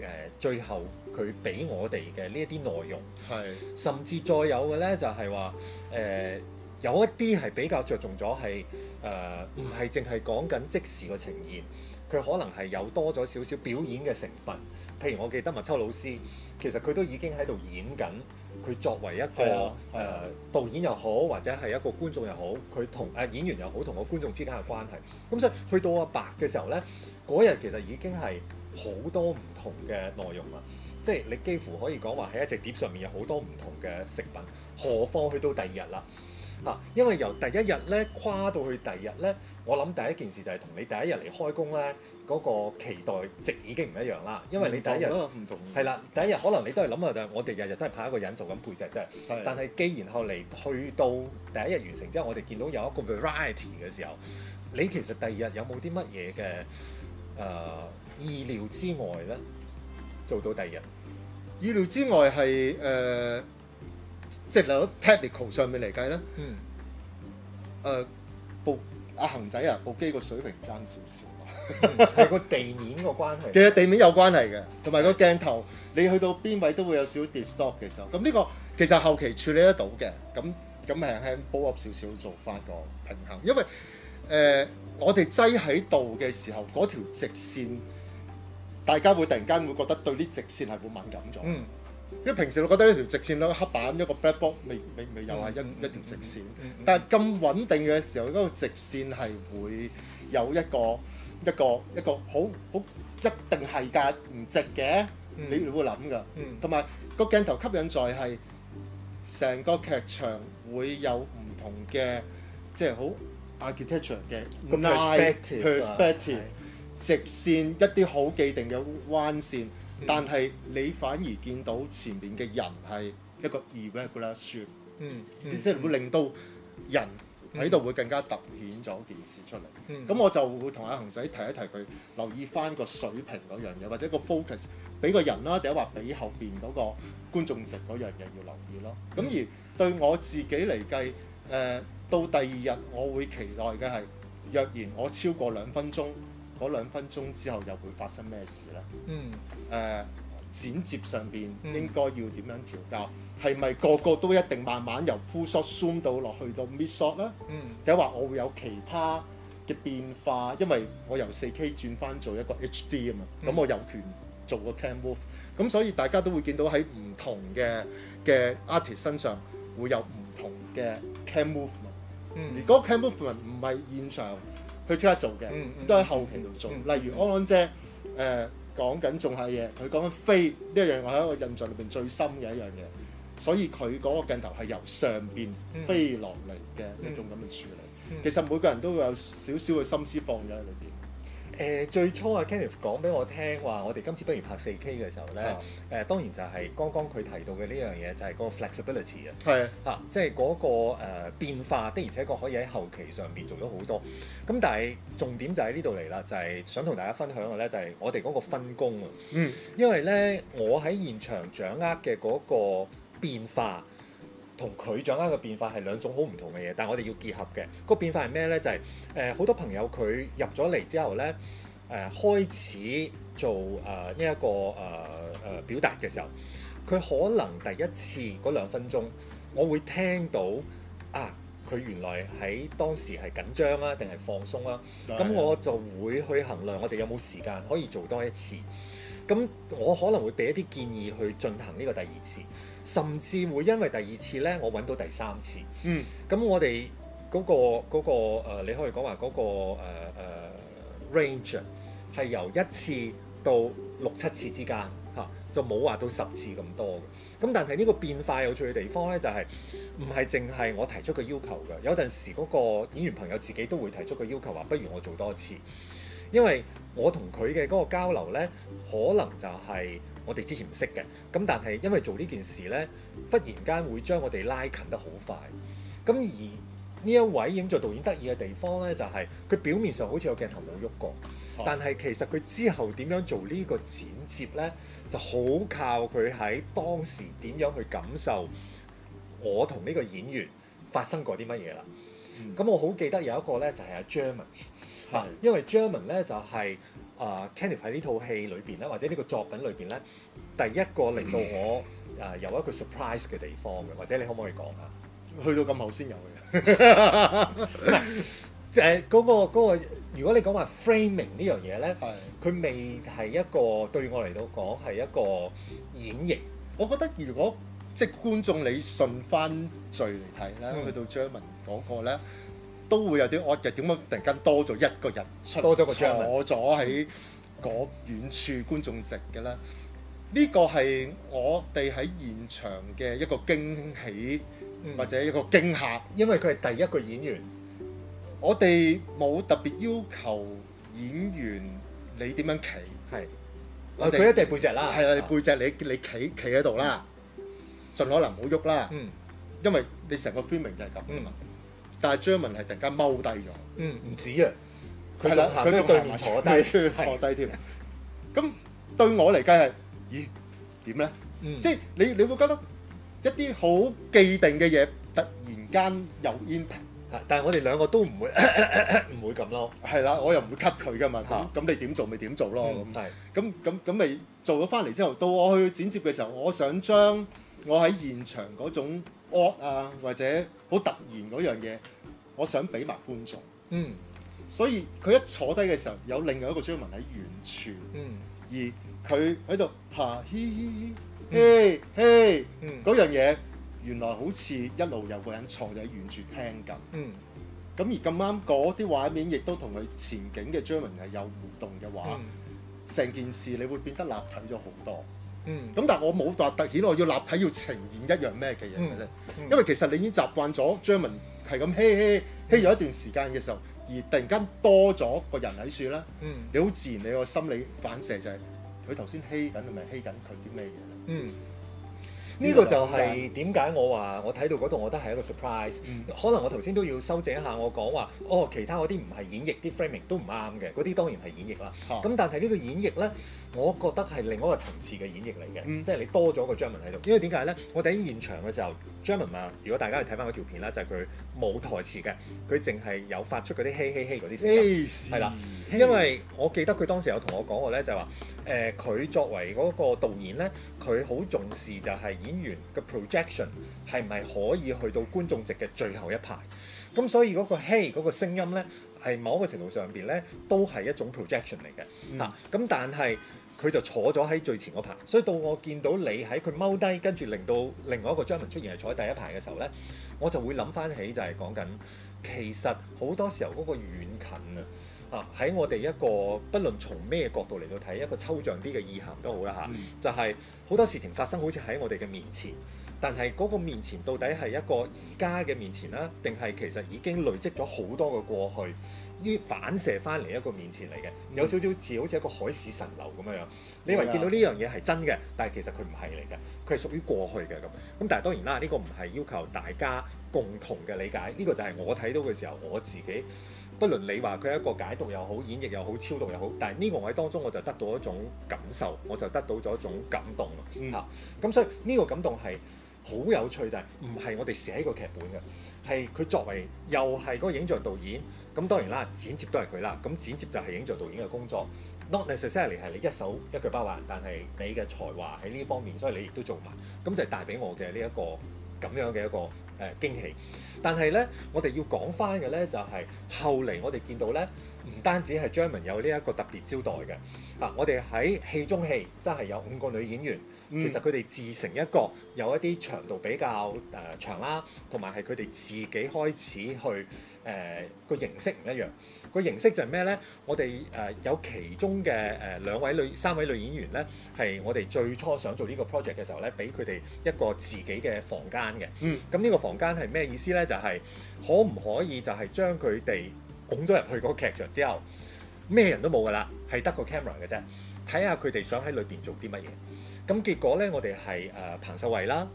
呃、最後佢俾我哋嘅呢一啲內容？係是，甚至再有嘅呢，就係話誒有一啲係比較着重咗係誒唔係淨係講緊即時嘅呈現，佢可能係有多咗少少表演嘅成分。譬如我記得麥秋老師，其實佢都已經喺度演緊。佢作為一個誒、呃、導演又好，或者係一個觀眾又好，佢同誒演員又好同個觀眾之間嘅關係。咁所以去到阿白嘅時候呢，嗰日其實已經係好多唔同嘅內容啦。即係你幾乎可以講話喺一隻碟上面有好多唔同嘅食品，何況去到第二日啦啊！因為由第一日呢，跨到去第二日呢，我諗第一件事就係同你第一日嚟開工呢。嗰個期待值已經唔一樣啦，因為你第一日唔同係啦，第一日可能你都係諗下，就我哋日日都係拍一個人做緊背脊啫。 但係既然後嚟去到第一日完成之後，我哋見到有一個 variety 嘅時候，你其實第二日有冇啲乜嘢嘅誒意料之外咧？做到第二日，意料之外係誒，即、呃、係、就是、technical 上面嚟計咧。嗯、呃。部阿恒仔啊，部、啊、機個水平爭少少。係個地面個關係， 其實地面有關係嘅，同埋個鏡頭，你去到邊位都會有少少 distort 嘅時候。咁呢個其實後期處理得到嘅。咁咁輕輕 boost 少少做翻個平衡，因為誒、呃、我哋擠喺度嘅時候，嗰條直線，大家會突然間會覺得對呢直線係會敏感咗。嗯，因為平時我覺得呢條直線，兩個黑板一個 blackboard 未未未又係一一條直線，嗯，嗯但係咁穩定嘅時候，嗰個直線係會有一個。一個一個好好一定係㗎唔值嘅，你、嗯、你會諗㗎。同埋、嗯，那個鏡頭吸引在係成個劇場會有唔同嘅，即係好 architecture 嘅 perspective，直線一啲好既定嘅彎線，嗯、但係你反而見到前面嘅人係一個 irregular shape，嗯，即係會令到人。喺度、嗯、會更加突顯咗件事出嚟，咁、嗯、我就會同阿雄仔提一提佢留意返個水平嗰樣嘢，或者個 focus，俾個人啦，或者話俾後邊嗰個觀眾席嗰樣嘢要留意咯。咁、嗯、而對我自己嚟計，誒、呃、到第二日，我會期待嘅係，若然我超過兩分鐘，嗰兩分鐘之後又會發生咩事呢？嗯，誒、呃。剪接上邊應該要點樣調教？係咪、嗯、個個都一定慢慢由 full shot zoom 到落去到 mid shot 咧？定係話我會有其他嘅變化？嗯、因為我由 4K 轉返做一個 HD 啊嘛，咁、嗯、我有權做個 cam move。咁所以大家都會見到喺唔同嘅嘅 artist 身上會有唔同嘅 cam movement。而嗰個 cam movement 唔係現場去即刻做嘅，嗯、都喺後期度做。嗯嗯、例如安安姐誒。呃講緊仲下嘢，佢講緊飛呢一樣我係一個印象裏邊最深嘅一樣嘢，所以佢嗰個鏡頭係由上邊飛落嚟嘅呢種咁嘅處理，嗯嗯嗯、其實每個人都會有少少嘅心思放咗喺裏邊。誒最初啊，Kenneth 講俾我聽話，我哋今次不如拍四 K 嘅時候咧，誒當然就係剛剛佢提到嘅呢樣嘢，就係個 flexibility 啊，嚇，即係嗰個誒變化的，而且確可以喺後期上面做咗好多。咁但係重點就喺呢度嚟啦，就係想同大家分享嘅咧，就係我哋嗰個分工啊，嗯，因為咧我喺現場掌握嘅嗰個變化，同佢掌握嘅變化係兩種好唔同嘅嘢，但係我哋要結合嘅嗰個變化係咩呢？就係誒好多朋友佢入咗嚟之後呢，誒、呃、開始做誒呢一個誒誒、呃呃、表達嘅時候，佢可能第一次嗰兩分鐘，我會聽到啊，佢原來喺當時係緊張啦，定係放鬆啦、啊。咁、嗯、我就會去衡量我哋有冇時間可以做多一次。咁我可能會俾一啲建議去進行呢個第二次。甚至會因為第二次呢，我揾到第三次。嗯，咁我哋嗰個嗰個誒，你可以講話嗰個誒誒 range 係由一次到六七次之間，嚇就冇話到十次咁多嘅。咁但係呢個變化有趣嘅地方呢，就係唔係淨係我提出個要求嘅，有陣時嗰個演員朋友自己都會提出個要求，話不如我做多次，因為我同佢嘅嗰個交流呢，可能就係。我哋之前唔識嘅，咁但係因為做呢件事呢，忽然間會將我哋拉近得好快。咁而呢一位影像導演得意嘅地方呢，就係、是、佢表面上好似個鏡頭冇喐過，啊、但係其實佢之後點樣做呢個剪接呢，就好靠佢喺當時點樣去感受我同呢個演員發生過啲乜嘢啦。咁、嗯、我好記得有一個呢，就係、是、Jeremy，是、啊、因為 Jeremy 呢就係、是。啊 Kenneth 喺呢套戲裏邊咧，或者呢個作品裏邊咧，第一個令到我啊、 uh, 有一個 surprise 嘅地方嘅，或者你可唔可以講啊？去到咁後先有嘅，唔係誒嗰個嗰個。如果你講話 framing 呢樣嘢咧，係佢是的 未係一個對我嚟到講係一個演繹。我覺得如果即係觀眾你順番序嚟睇咧，嗯、去到張文咧。都會有啲惡嘅，點解突然間多咗一個人出嚟，多咗個場坐咗喺嗰遠處觀眾席嘅咧？呢、這個係我哋喺現場嘅一個驚喜、嗯、或者一個驚嚇，因為佢係第一個演員，我哋冇特別要求演員你點樣企，係佢、啊、我哋一定背脊啦，係啊你背脊你啊你，你你企企喺度啦，嗯、盡可能唔好喐啦，嗯、因為你成個 filming 就係咁啊。嗯但係 Jeremy 係突然間踎低咗，嗯，唔止啊，佢啦佢即係對面坐低，坐低添。咁對我嚟計係，咦，點咧？呢嗯、即係你你會覺得一啲好既定嘅嘢，突然間又 in，係，但係我哋兩個都唔會唔 會咁咯。係啦，我又唔會 cut 佢噶嘛。咁咁是的 你點做咪點做咯。咁係、嗯，咁咁咁咪做咗翻嚟之後，到我去剪接嘅時候，我想將我喺現場嗰種 odd 啊，或者好突然嗰樣嘢。我想俾埋觀眾，嗯，所以佢一坐低嘅時候，有另外一個張文喺遠處，嗯，而佢喺度爬。嘻嘻嘻，嘿嘿，嗯，嗰樣嘢原來好似一路有個人坐喺遠處聽緊，嗯，咁而咁啱嗰啲畫面亦都同佢前景嘅張文係有互動嘅話，成件事你會變得立體咗好多，嗯，咁但係我冇答，突顯，我要立體要呈現一樣咩嘅嘢嘅啫，因為其實你已經習慣咗張文。係咁欺欺咗一段時間嘅時候，而突然間多咗個人喺處啦，你好自然，你個心理反射就係佢頭先欺緊同埋欺緊佢啲咩嘢呢？嗯，呢個就係點解我話我睇到嗰度，我覺得係一個 surprise。嗯，可能我頭先都要修正一下我，我講話哦，其他嗰啲唔係演繹，啲 framing 都唔啱嘅，嗰啲當然係演繹啦。咁但係呢個演繹呢？我覺得係另一個層次嘅演繹嚟嘅，嗯、即係你多咗個 Jeremy 喺度。因為點解咧？我哋喺現場嘅時候，Jeremy 啊，如果大家去睇翻嗰條片啦，就係佢冇台詞嘅，佢淨係有發出嗰啲嘿嘿嘿嗰啲聲，係啦。因為我記得佢當時有同我講過咧，就話、是、誒，佢、呃、作為嗰個導演咧，佢好重視就係演員嘅 projection 係唔係可以去到觀眾席嘅最後一排。咁所以嗰、那個嘿嗰、hey 那個聲音咧，係某一個程度上邊咧，都係一種 projection 嚟嘅。嗯、啊，咁但係。佢就坐咗喺最前嗰排，所以到我見到你喺佢踎低，跟住令到另外一個張文出現，係坐喺第一排嘅時候咧，我就會諗翻起就係講緊其實好多時候嗰個遠近啊，啊喺我哋一個不論從咩角度嚟到睇一個抽象啲嘅意涵都好啦吓，就係好多事情發生好似喺我哋嘅面前，但係嗰個面前到底係一個而家嘅面前啦，定係其實已經累積咗好多嘅過去。於反射翻嚟一個面前嚟嘅，嗯、有少少似好似一個海市蜃樓咁樣樣。嗯、你以為見到呢樣嘢係真嘅，但係其實佢唔係嚟嘅，佢係屬於過去嘅咁。咁但係當然啦，呢、呢個唔係要求大家共同嘅理解，呢、呢個就係我睇到嘅時候我自己，不論你話佢一個解讀又好，演繹又好，超渡又好，但係呢個我喺當中我就得到一種感受，我就得到咗一種感動、嗯、啊！咁所以呢個感動係好有趣，就係唔係我哋寫個劇本嘅，係佢作為又係嗰個影像導演。咁當然啦，剪接都係佢啦。咁剪接就係影像導演嘅工作，not necessarily 係你一手一腳包辦。但係你嘅才華喺呢方面，所以你亦都做埋。咁就係帶俾我嘅呢、這個、一個咁樣嘅一個誒驚喜。但係咧，我哋要講翻嘅咧，就係後嚟我哋見到咧，唔單止係張文有呢一個特別招待嘅。啊，我哋喺戲中戲真係有五個女演員，其實佢哋自成一角，有一啲長度比較誒長啦，同埋係佢哋自己開始去。誒個、呃、形式唔一樣，個形式就係咩呢？我哋誒、呃、有其中嘅誒兩位女、三位女演員呢，係我哋最初想做呢個 project 嘅時候呢，俾佢哋一個自己嘅房間嘅。嗯，咁呢個房間係咩意思呢？就係、是、可唔可以就係將佢哋拱咗入去個劇場之後，咩人都冇㗎啦，係得個 camera 嘅啫，睇下佢哋想喺裏邊做啲乜嘢。咁結果呢，我哋係誒彭秀慧啦，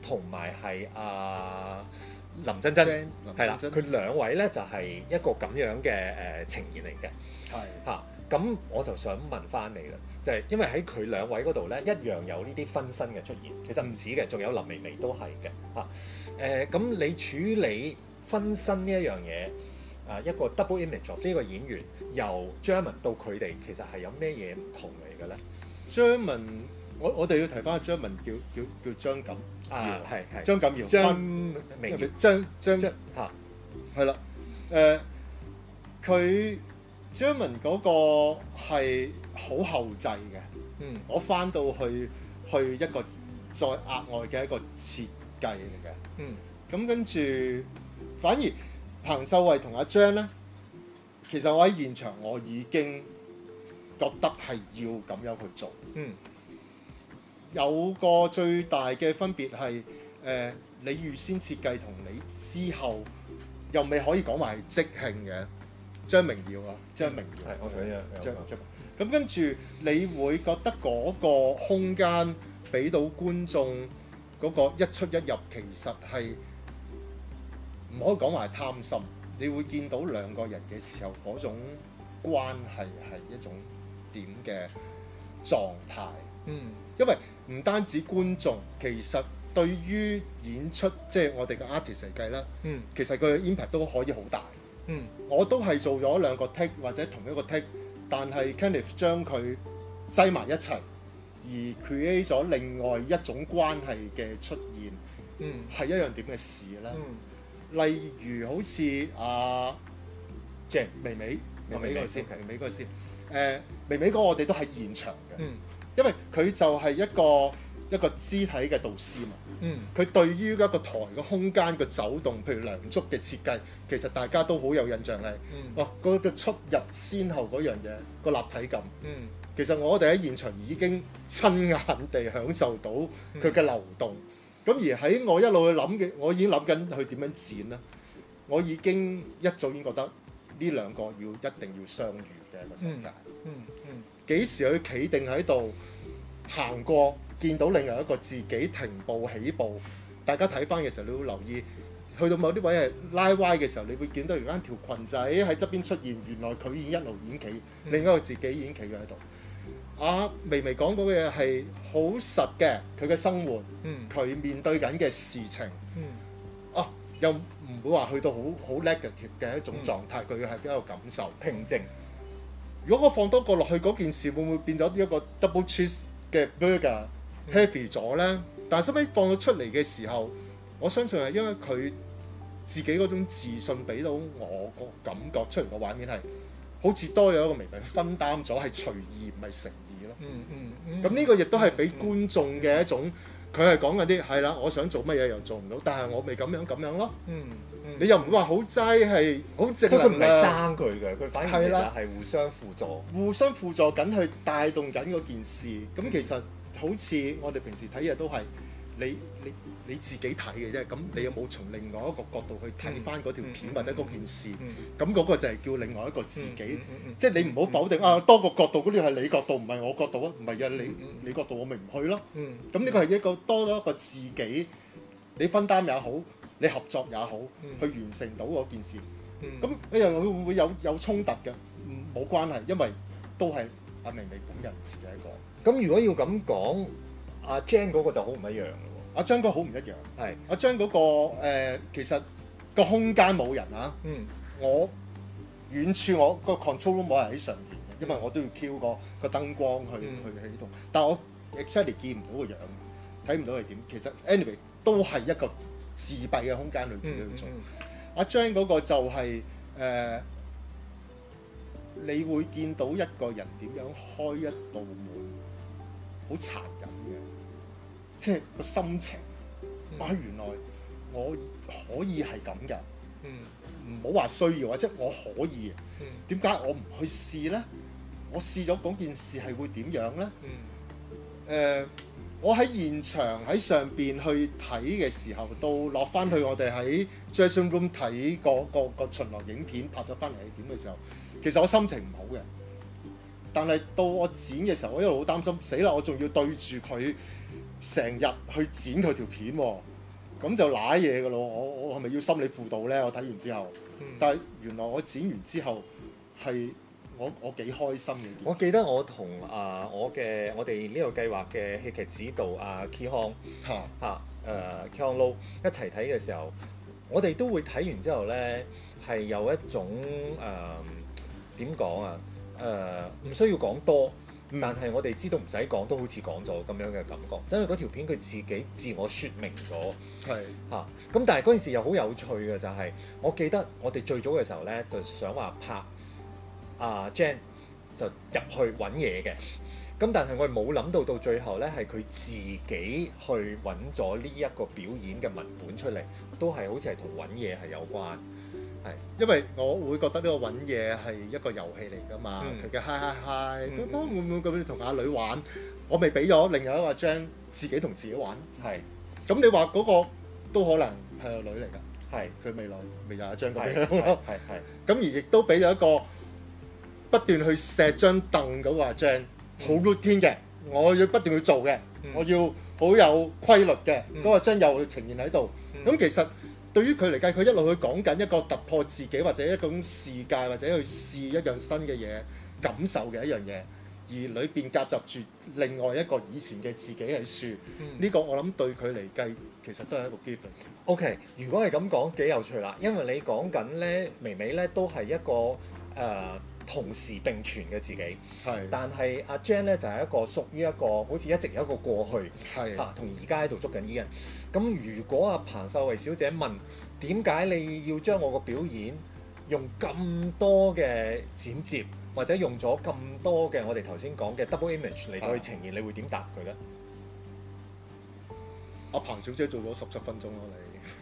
同埋係阿，呃林珍珍係啦，佢兩的位咧就係、是、一個咁樣嘅誒呈現嚟嘅，係、呃、嚇。咁、呃呃、我就想問翻你啦，就係、是、因為喺佢兩位嗰度咧一樣有呢啲分身嘅出現，其實唔止嘅，仲有林微微都係嘅嚇。誒、呃、咁、呃、你處理分身呢一樣嘢啊、呃，一個 double image of 呢個演員由張文到佢哋，其實係有咩嘢唔同嚟嘅咧？張文，我我哋要提翻阿張文叫叫叫張錦。啊，係係張錦耀張明張張吓，係啦、啊，誒佢張文嗰個係好後製嘅，嗯，我翻到去去一個再額外嘅一個設計嚟嘅，嗯，咁跟住反而彭秀慧同阿張咧，其實我喺現場我已經覺得係要咁樣去做，嗯。有個最大嘅分別係，誒、呃，你預先設計同你之後又未可以講埋即興嘅張明耀啊，張明耀，係我隨便嘅，咁跟住你會覺得嗰個空間俾到觀眾嗰個一出一入，其實係唔可以講話係貪心。你會見到兩個人嘅時候，嗰種關係係一種點嘅狀態？嗯，因為。唔單止觀眾，其實對於演出即係我哋嘅 artist 嚟計啦，嗯，其實佢嘅 impact 都可以好大，嗯，我都係做咗兩個 take 或者同一個 take，但係 Kenneth 將佢擠埋一齊，而 create 咗另外一種關係嘅出現，嗯，係一樣點嘅事咧，例如好似阿 Jam 微微，微微嗰個先，微微嗰個先，誒微微嗰個我哋都喺現場嘅，嗯。因為佢就係一個一個肢體嘅導師嘛，嗯，佢對於一個台個空間嘅走動，譬如梁柱嘅設計，其實大家都好有印象係，哇、嗯，嗰、哦嗰個出入先後嗰樣嘢、嗰個立體感，嗯，其實我哋喺現場已經親眼地享受到佢嘅流動，咁、嗯、而喺我一路去諗嘅，我已經諗緊佢點樣剪。呢我已經一早已經覺得呢兩個要一定要相遇嘅一個世界，嗯嗯，幾、嗯嗯嗯、時去企定喺度？行過見到另外一個自己停步、起步，大家睇翻嘅時候你會留意，去到某啲位係拉歪嘅時候，你會見到而家條裙仔喺側邊出現，原來佢已經一路演企，另一個自己演企咗喺度。阿、啊、微微講嗰嘢係好實嘅，佢嘅生活，佢、嗯、面對緊嘅事情，哦、嗯啊，又唔會話去到好好 negative 嘅一種狀態，佢係、嗯、一個感受平靜。如果我放多個落去嗰件事，會唔會變咗一個 double choice？嘅 burger happy 咗咧，但係收尾放咗出嚟嘅時候，我相信係因為佢自己嗰種自信俾到我個感覺出嚟，個畫面係好似多咗一個微微分擔咗，係隨意唔係誠意咯。嗯嗯，咁呢個亦都係俾觀眾嘅一種，佢係講嗰啲係啦，我想做乜嘢又做唔到，但係我咪咁樣咁樣咯。嗯、mm。Hmm. 你又唔會話好齋，係好直。佢唔係爭佢嘅，佢反而其實係互相輔助，互相輔助緊去帶動緊嗰件事。咁其實好似我哋平時睇嘢都係你你你自己睇嘅啫。咁你有冇從另外一個角度去睇翻嗰條片或者嗰件事？咁嗰個就係叫另外一個自己。即係你唔好否定啊，多個角度嗰啲係你角度唔係我角度啊？唔係啊，你你角度我咪唔去咯。咁呢個係一個多咗一個自己，你分擔也好。你合作也好，嗯、去完成到嗰件事咁一樣，嗯、又會唔會有有衝突嘅，冇關係，因為都係阿明明本人自己一個。咁如果要咁講，阿、嗯啊、Jane 嗰個就好唔一樣咯。阿張嗰好唔一樣，係阿張嗰個誒、呃，其實個空間冇人啊，嗯，我遠處我個 control 都冇人喺上邊嘅，嗯、因為我都要 Q、嗰個個燈光去、嗯、去啟動，但我 exactly 見唔到個樣，睇唔到係點。其實 anyway 都係一個。自閉嘅空間裏邊自己去做，嗯嗯、阿張嗰個就係、是、誒、呃，你會見到一個人點樣開一道門，好殘忍嘅，即係個心情。嗯、啊，原來我可以係咁嘅，唔好話需要，或、就、者、是、我可以點解、嗯、我唔去試咧？我試咗嗰件事係會點樣咧？誒、嗯。嗯嗯嗯我喺現場喺上邊去睇嘅時候，到落翻去我哋喺 Jason Room 睇嗰個，個巡邏影片拍咗翻嚟點嘅時候，其實我心情唔好嘅。但係到我剪嘅時候，我一路好擔心，死啦！我仲要對住佢成日去剪佢條片喎，哦，咁就瀨嘢噶咯。我我係咪要心理輔導呢？我睇完之後，但係原來我剪完之後係。我我幾開心嘅。我記得我同啊、呃、我嘅我哋呢個計劃嘅戲劇指導阿 Khang 嚇嚇 Khang Lo 一齊睇嘅時候，我哋都會睇完之後咧，係有一種誒點講啊誒唔、呃、需要講多，但係我哋知道唔使講都好似講咗咁樣嘅感覺，因為嗰條片佢自己自我説明咗係嚇。咁是、啊、但係嗰陣時又好有趣嘅就係、是，我記得我哋最早嘅時候咧，就想話拍。阿 Jane 就入去揾嘢嘅，咁但係我冇諗到到最後呢，係佢自己去揾咗呢一個表演嘅文本出嚟，都係好似係同揾嘢係有關，係因為我會覺得呢個揾嘢係一個遊戲嚟噶嘛，佢嘅 hi hi hi，咁會唔會同阿女玩，嗯、我未俾咗另一個 Jane 自己同自己玩，係是，咁你話嗰個都可能係女嚟噶，係是，佢未老未來有阿張咁樣咁 而亦都俾咗一個。不斷去錫張凳嗰個張，好 good 天嘅，我要不斷去做嘅，嗯、我要好有規律嘅，嗰個張有呈現喺度。咁、嗯、其實對於佢嚟計，佢一路去講緊一個突破自己或者一種視界或者去試一樣新嘅嘢感受嘅一樣嘢，而裏邊夾雜住另外一個以前嘅自己喺度。呢、嗯、個我諗對佢嚟計，其實都係一個機會、嗯。OK，如果係咁講幾有趣啦，因為你講緊呢，微微呢都係一個誒。Uh, 同時並存嘅自己，的但係阿、啊、Jane 咧就係一個屬於一個好似一直有一個過去，的啊同而家喺度捉緊呢個人。咁如果阿、啊、彭秀慧小姐問點解你要將我個表演用咁多嘅剪接，或者用咗咁多嘅我哋頭先講嘅 double image 嚟到去呈現，你會點答佢呢？阿、啊、彭小姐做咗十七分鐘咯，你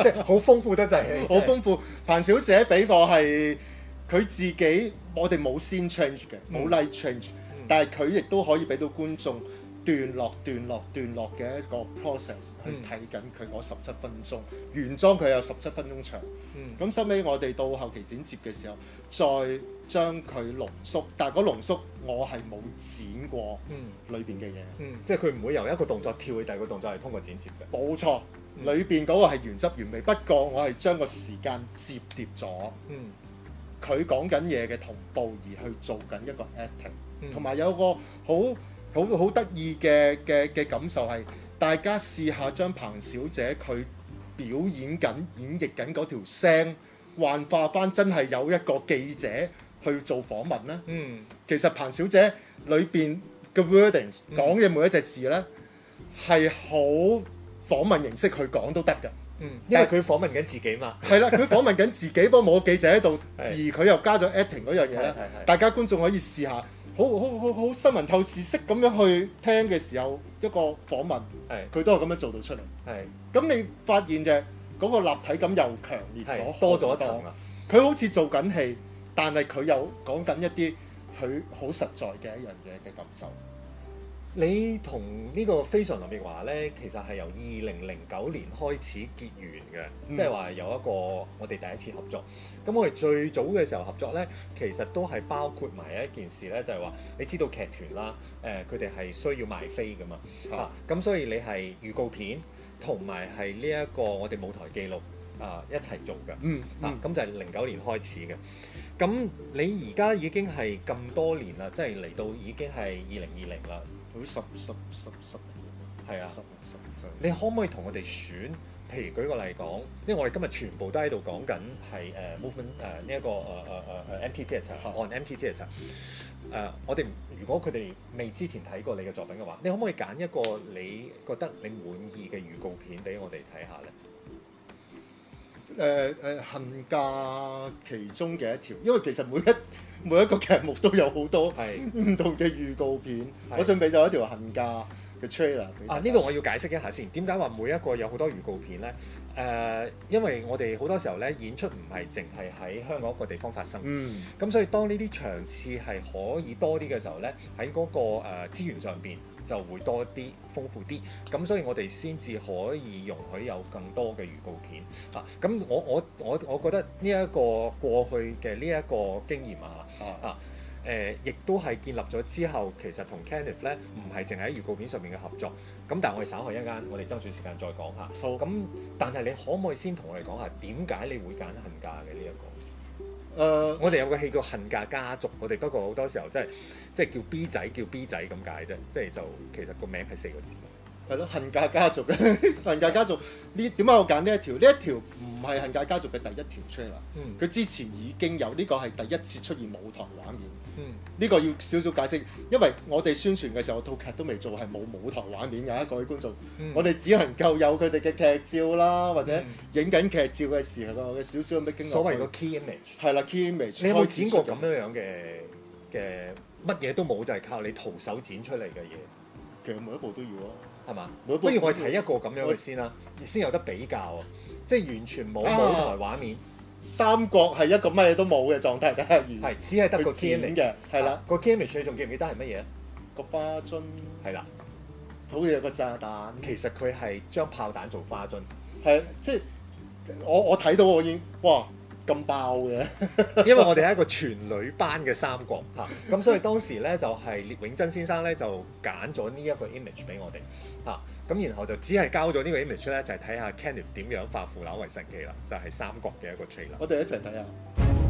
即係好豐富得滯、就是，好豐富。彭小姐俾我係。佢自己，我哋冇先 change 嘅，冇 light change，、嗯、但係佢亦都可以俾到觀眾段落、段落、段落嘅一個 process 去睇緊佢嗰十七分鐘，原裝佢有十七分鐘長。咁收尾我哋到後期剪接嘅時候，再將佢濃縮，但係個濃縮我係冇剪過裏邊嘅嘢，嗯，即係佢唔會由一個動作跳起第二個動作，係通過剪接嘅。冇錯，裏邊嗰個係原汁原味，不過我係將個時間折疊咗。嗯。嗯佢講緊嘢嘅同步而去做緊一個 acting，同埋，嗯，有個好好好得意嘅嘅嘅感受係，大家試下將彭小姐佢表演緊演繹緊嗰條聲，幻化翻真係有一個記者去做訪問啦。嗯，其實彭小姐裏邊嘅 wordings，嗯，講嘅每一隻字呢，係好訪問形式去講都得嘅。嗯，因為佢訪問緊自己嘛，係啦，佢訪問緊自己，不過冇記者喺度， 而佢又加咗 acting 嗰樣嘢啦，大家觀眾可以試下，好好好好，好新聞透視式咁樣去聽嘅時候，一個訪問，係，佢都係咁樣做到出嚟，係，咁你發現嘅嗰個立體感又強烈咗，多咗一層啊，佢好似做緊戲，但係佢又講緊一啲佢好實在嘅一樣嘢嘅感受。你同呢個非常林奕華呢，其實係由二零零九年開始結緣嘅，即係話有一個我哋第一次合作。咁我哋最早嘅時候合作呢，其實都係包括埋一件事呢，就係話你知道劇團啦，誒佢哋係需要賣飛㗎嘛嚇，咁好、啊、所以你係預告片同埋係呢一個我哋舞台紀錄啊一齊做㗎，嚇咁、嗯啊、就係零九年開始嘅。咁你而家已經係咁多年啦，即係嚟到已經係二零二零啦。好十十十十，係啊，十十十。你可唔可以同我哋選？譬如舉個例講，因為我哋今日全部都喺度講緊係誒 movement 誒呢一個誒誒誒誒 MT 劇場 on MT 劇場。誒，我哋如果佢哋未之前睇過你嘅作品嘅話，你可唔可以揀一個你覺得你滿意嘅預告片俾我哋睇下咧？誒誒，恨嫁、呃呃、其中嘅一條，因為其實每一每一個劇目都有好多唔同嘅預告片，是我準備咗一條恨嫁嘅 trailer。啊，呢度我要解釋一下先，點解話每一個有好多預告片呢？誒、呃，因為我哋好多時候咧演出唔係淨係喺香港一個地方發生，咁、嗯、所以當呢啲場次係可以多啲嘅時候呢，喺嗰、那個誒、呃、資源上邊。就會多啲豐富啲，咁所以我哋先至可以容許有更多嘅預告片啊！咁我我我我覺得呢一個過去嘅呢一個經驗啊、uh. 啊誒、呃，亦都係建立咗之後，其實同 Kenneth 咧唔係淨係喺預告片上面嘅合作。咁但係我哋稍後一間，我哋爭取時間再講下。好咁，但係你可唔可以先同我哋講下點解你會揀恨嫁嘅呢一個？誒，uh, 我哋有個戲叫《恨嫁家族》，我哋不過好多時候即係即係叫 B 仔叫 B 仔咁解啫，即係就其實個名係四個字。係咯，恨嫁家族嘅，恨嫁家族呢？點解我揀呢一條？呢一條唔係恨嫁家族嘅第一條出嚟啦佢之前已經有呢、呢個係第一次出現舞台畫面。呢、嗯、個,要少少解釋，因為我哋宣傳嘅時候，套劇都未做，係冇舞台畫面嘅各位觀眾。嗯、我哋只能夠有佢哋嘅劇照啦，或者影緊劇照嘅時候嘅少少嘅啲經。小小所謂個 key image 係啦觀，key image。你有冇剪過咁樣樣嘅嘅乜嘢都冇，就係、是、靠你徒手剪出嚟嘅嘢？其實每一步都要啊。係嘛？不如我哋睇一個咁樣嘅先啦，我先有得比較啊！即係完全冇舞台畫面，啊、三國係一個乜嘢都冇嘅狀態嘅，係只係得個 game 嚟嘅、啊，係啦的。個 game 出嚟你仲記唔記得係乜嘢？個花樽係啦，好似的有個炸彈。其實佢係將炮彈做花樽，係即係我我睇到我已經哇！咁爆嘅， 因為我哋係一個全女班嘅《三國》嚇、 啊，咁所以當時咧就係、是、列永珍先生咧就揀咗呢一個 image 俾我哋嚇，咁、啊、然後就只係交咗呢個 image 出咧，就係、是、睇下 Kenneth 點樣化腐朽為神奇啦，就係、是《三國》嘅一個 trailer。我哋一齊睇下。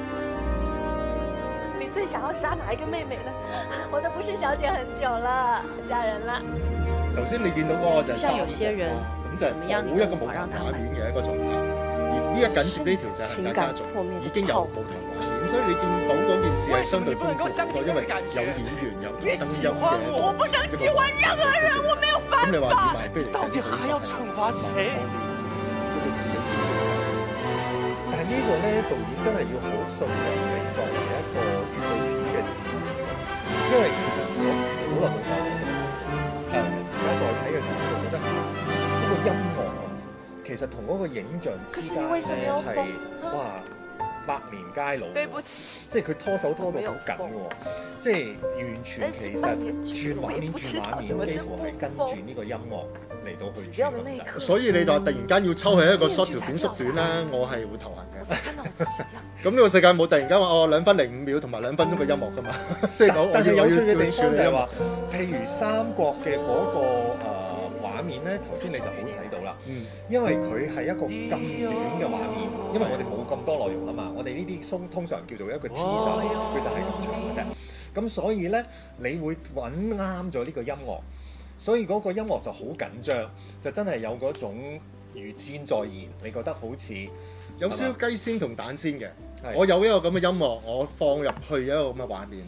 最想要殺哪一個妹妹呢？我都不是小姐很久了，嫁人了。頭先你見到嗰個就係有些人咁、嗯、就係冇一個舞台畫面嘅一個狀態。而呢一緊接呢條就係家族，已經有舞台畫面，所以你見到嗰件事係相對豐富，為不能相信因為有演員有等有嘅。你喜歡我？我不想喜歡任何人，我沒有辦法。嗯、到底還要懲罰誰？但係呢個咧，導演真係要好信任你作為一個。因為其實我好耐冇再睇咁，係而家再睇嘅時候，我覺得嗰個音樂其實同嗰個影像之間係哇。 百年偕老，對不即係佢拖手拖到好緊喎，即係完全其實轉畫面轉畫面，幾乎係跟住呢個音樂嚟到去。所以你就突然間要抽起一個 short 條片縮短咧，我係會頭痕嘅。咁呢 個世界冇突然間話哦，兩分零五秒同埋兩分鐘嘅音樂㗎嘛， 即係講我，但係有趣嘅地方就係話，譬如《三國》那個嘅嗰個面咧，頭先你就好睇到啦，嗯、因為佢係一個咁短嘅畫面，嗯、因為我哋冇咁多內容啊嘛，嗎我哋呢啲通通常叫做一個 teaser 佢哇就係咁長嘅啫。咁、嗯、所以咧，你會揾啱咗呢個音樂，所以嗰個音樂就好緊張，就真係有嗰種如箭在弦，你覺得好似有少少雞先同蛋先嘅。的我有一個咁嘅音樂，我放入去一個咁嘅畫面，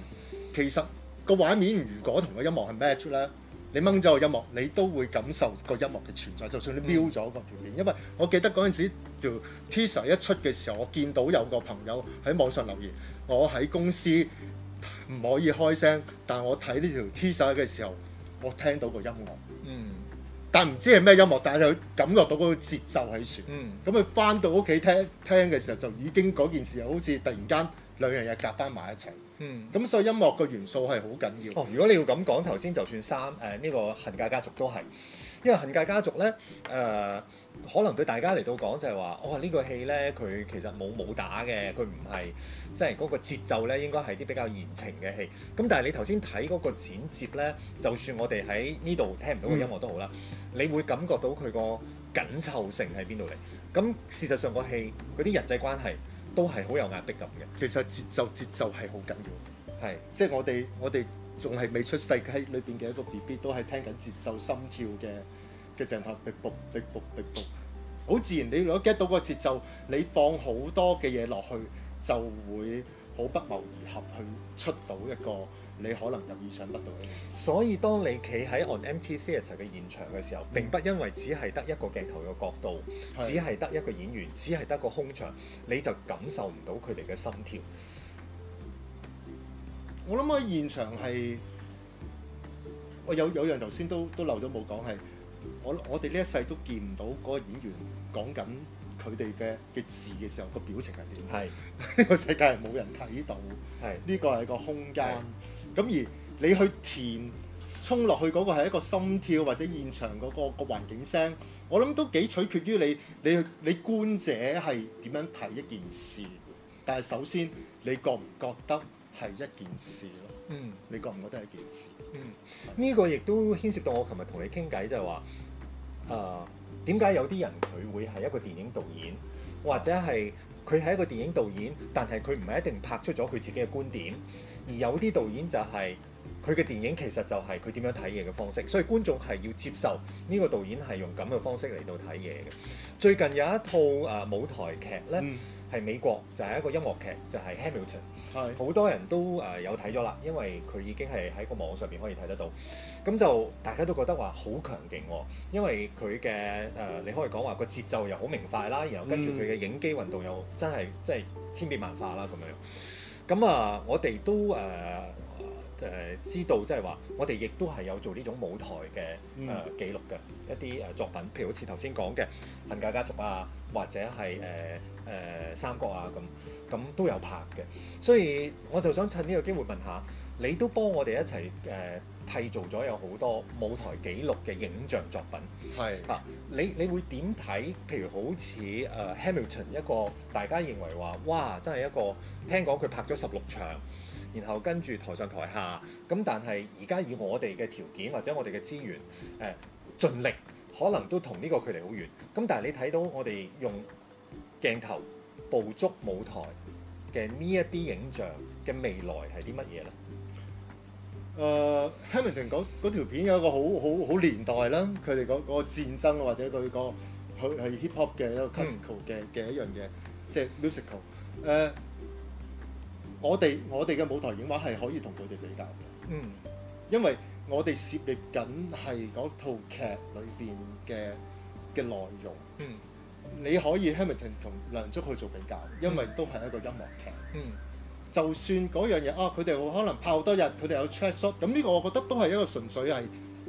其實個畫面如果同個音樂係 match 咧。你掹咗個音樂，你都會感受個音樂嘅存在，就算你瞄咗個條片。嗯、因為我記得嗰陣時條、嗯、teaser 一出嘅時候，我見到有個朋友喺網上留言，我喺公司唔可以開聲，但我睇呢條 teaser 嘅時候，我聽到個音樂。嗯。但唔知係咩音樂，但係佢感覺到嗰個節奏喺度。嗯。咁佢翻到屋企聽聽嘅時候，就已經嗰件事好似突然間兩樣嘢夾翻埋一齊。嗯，咁所以音樂個元素係好緊要。哦，如果你要咁講，頭先就算三誒呢、呃這個《恨嫁家族》都係，因為《恨嫁家族》呢咧、呃、誒，可能對大家嚟到講就係話，哦呢、這個戲咧佢其實冇武打嘅，佢唔係即係嗰個節奏咧應該係啲比較言情嘅戲。咁但係你頭先睇嗰個剪接咧，就算我哋喺呢度聽唔到個音樂都好啦，嗯、你會感覺到佢個緊湊性喺邊度嚟？咁事實上、嗰個戲嗰啲人際關係。都係好有壓迫感嘅，其實節奏節奏係好緊要，係是即係我哋我哋仲係未出世喺裏邊嘅一個 B B 都係聽緊節奏心跳嘅嘅狀態，滴卜滴卜滴卜，好自然。你如果 get 到個節奏，你放好多嘅嘢落去，就會好不謀而合去出到一個。你可能有意想不到嘅。所以當你企喺 On Empty Theatre 嘅現場嘅時候，並不因為只係得一個鏡頭嘅角度，嗯、只係得一個演員，只係得個空場，你就感受唔到佢哋嘅心跳。我諗喺現場係，我有有樣頭先都都漏咗冇講係，我我哋呢一世都見唔到嗰個演員講緊佢哋嘅嘅字嘅時候個表情係點，係呢個世界係冇人睇到，係呢個係個空間。嗯咁而你去填充落去嗰個係一個心跳或者現場嗰、嗰個環境聲，我諗都幾取決於你你你觀者，係點樣睇一件事。但係首先你覺唔覺得係一件事咯？嗯，你覺唔覺得係一件事？嗯，呢、嗯呢個亦都牽涉到我琴日同你傾偈，就係話誒點解有啲人佢會係一個電影導演，或者係佢係一個電影導演，但係佢唔係一定拍出咗佢自己嘅觀點。而有啲導演就係佢嘅電影，其實就係佢點樣睇嘢嘅方式，所以觀眾係要接受呢個導演係用咁嘅方式嚟到睇嘢嘅。最近有一套誒、呃、舞台劇呢，係、嗯、美國就係、是、一個音樂劇，就係、是、Hamilton，好的多人都誒有睇咗啦，因為佢已經係喺個網上面可以睇得到。咁就大家都覺得話好強勁，因為佢嘅誒你可以講話個節奏又好明快啦，然後跟住佢嘅影機運動又真係真係千變萬化啦咁樣。咁啊，我哋都誒誒、呃呃、知道，即係話，我哋亦都係有做呢種舞台嘅誒記錄嘅一啲誒作品，譬如好似頭先講嘅《恨嫁家族》啊，或者係誒、呃、誒《三國》啊，咁咁都有拍嘅。所以我就想趁呢個機會問下。你都幫我哋一齊誒替做咗有好多舞台紀錄嘅影像作品，係是啊，你你會點睇？譬如好似誒、呃、Hamilton 一個大家認為話，哇，真係一個聽講佢拍咗十六場，然後跟住台上台下咁，但係而家以我哋嘅條件或者我哋嘅資源誒、呃、盡力，可能都同呢個距離好遠。咁但係你睇到我哋用鏡頭捕捉舞台嘅呢一啲影像嘅未來係啲乜嘢呢？誒、uh, Hamilton 嗰條片有一個好好好年代啦，佢哋嗰個戰爭或者佢、那個佢係 hip hop 嘅一個 classical 嘅嘅一樣嘢，即係 musical。誒，我哋我哋嘅舞台演話係可以同佢哋比較嘅，mm. 因為我哋涉獵緊係嗰套劇裏邊嘅嘅內容。Mm. 你可以 Hamilton 同梁祝去做比較，因為都係一個音樂劇。Mm. Mm. 就算嗰樣嘢啊，佢哋可能拍好多日，佢哋有 check shot 咁呢個，我覺得都係一個純粹係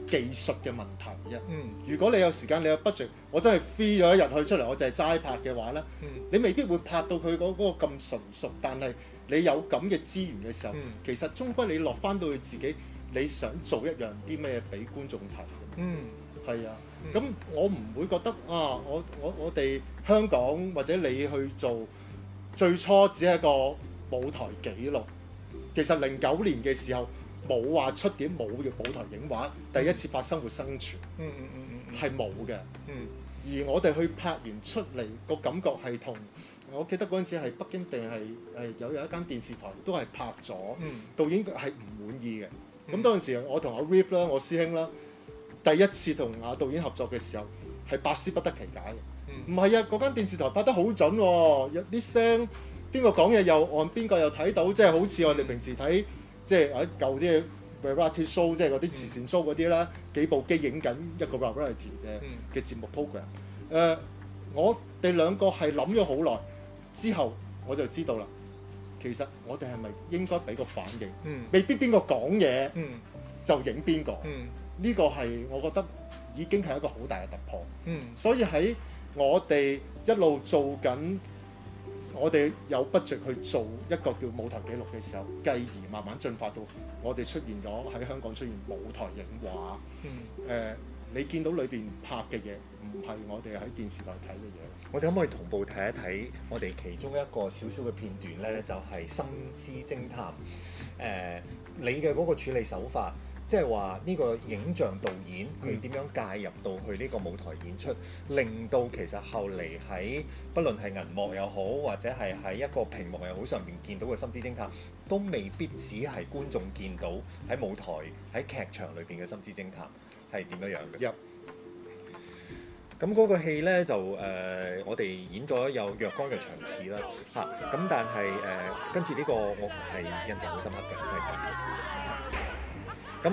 技術嘅問題啫。嗯，如果你有時間，你有 budget，我真係 free 咗一日去出嚟，我就係齋拍嘅話呢，嗯、你未必會拍到佢嗰、嗰個咁、嗰個、純熟。但係你有咁嘅資源嘅時候，嗯、其實終歸你落翻到去自己你想做一樣啲咩嘢俾觀眾睇。嗯，係啊。咁、嗯、我唔會覺得啊，我我我哋香港或者你去做最初只係一個舞台紀錄，其實零九年嘅時候冇話出點舞嘅舞台影畫，第一次拍生活生存，嗯嗯嗯嗯，係冇嘅。嗯，嗯嗯嗯，而我哋去拍完出嚟個感覺係同，我記得嗰陣時係北京定係係有有一間電視台都係拍咗，嗯，導演係唔滿意嘅。咁當陣時我同阿 Riff 啦，我師兄啦，第一次同阿導演合作嘅時候係百思不得其解嘅。唔係、嗯、啊，嗰間電視台拍得好準喎、啊，有啲聲。邊個講嘢又按邊個又睇到，即係好似我哋平時睇，嗯、即係喺舊啲 variety show，即係嗰啲慈善 show 嗰啲啦，嗯、幾部機影緊一個 variety 嘅嘅節目 program。誒、呃，我哋兩個係諗咗好耐之後，我就知道啦。其實我哋係咪應該俾個反應？嗯、未必邊個講嘢就影邊個。呢個係我覺得已經係一個好大嘅突破。嗯、所以喺我哋一路做緊。我哋有不絕去做一個叫舞台紀錄嘅時候，繼而慢慢進化到我哋出現咗喺香港出現舞台影畫。誒、嗯呃，你見到裏邊拍嘅嘢，唔係我哋喺電視台睇嘅嘢。我哋可唔可以同步睇一睇我哋其中一個少少嘅片段呢？就係《心之偵探》呃。誒，你嘅嗰個處理手法。即係話呢個影像導演佢點樣介入到去呢個舞台演出，令到其實後嚟喺不論係銀幕又好，或者係喺一個屏幕又好上面見到嘅《心之偵探》，都未必只係觀眾見到喺舞台喺劇場裏邊嘅《心之偵探》係點樣樣嘅。咁嗰個戲咧就誒、呃，我哋演咗有若干嘅場次啦，嚇、啊、咁但係誒，跟住呢個我係印象好深刻嘅。咁誒，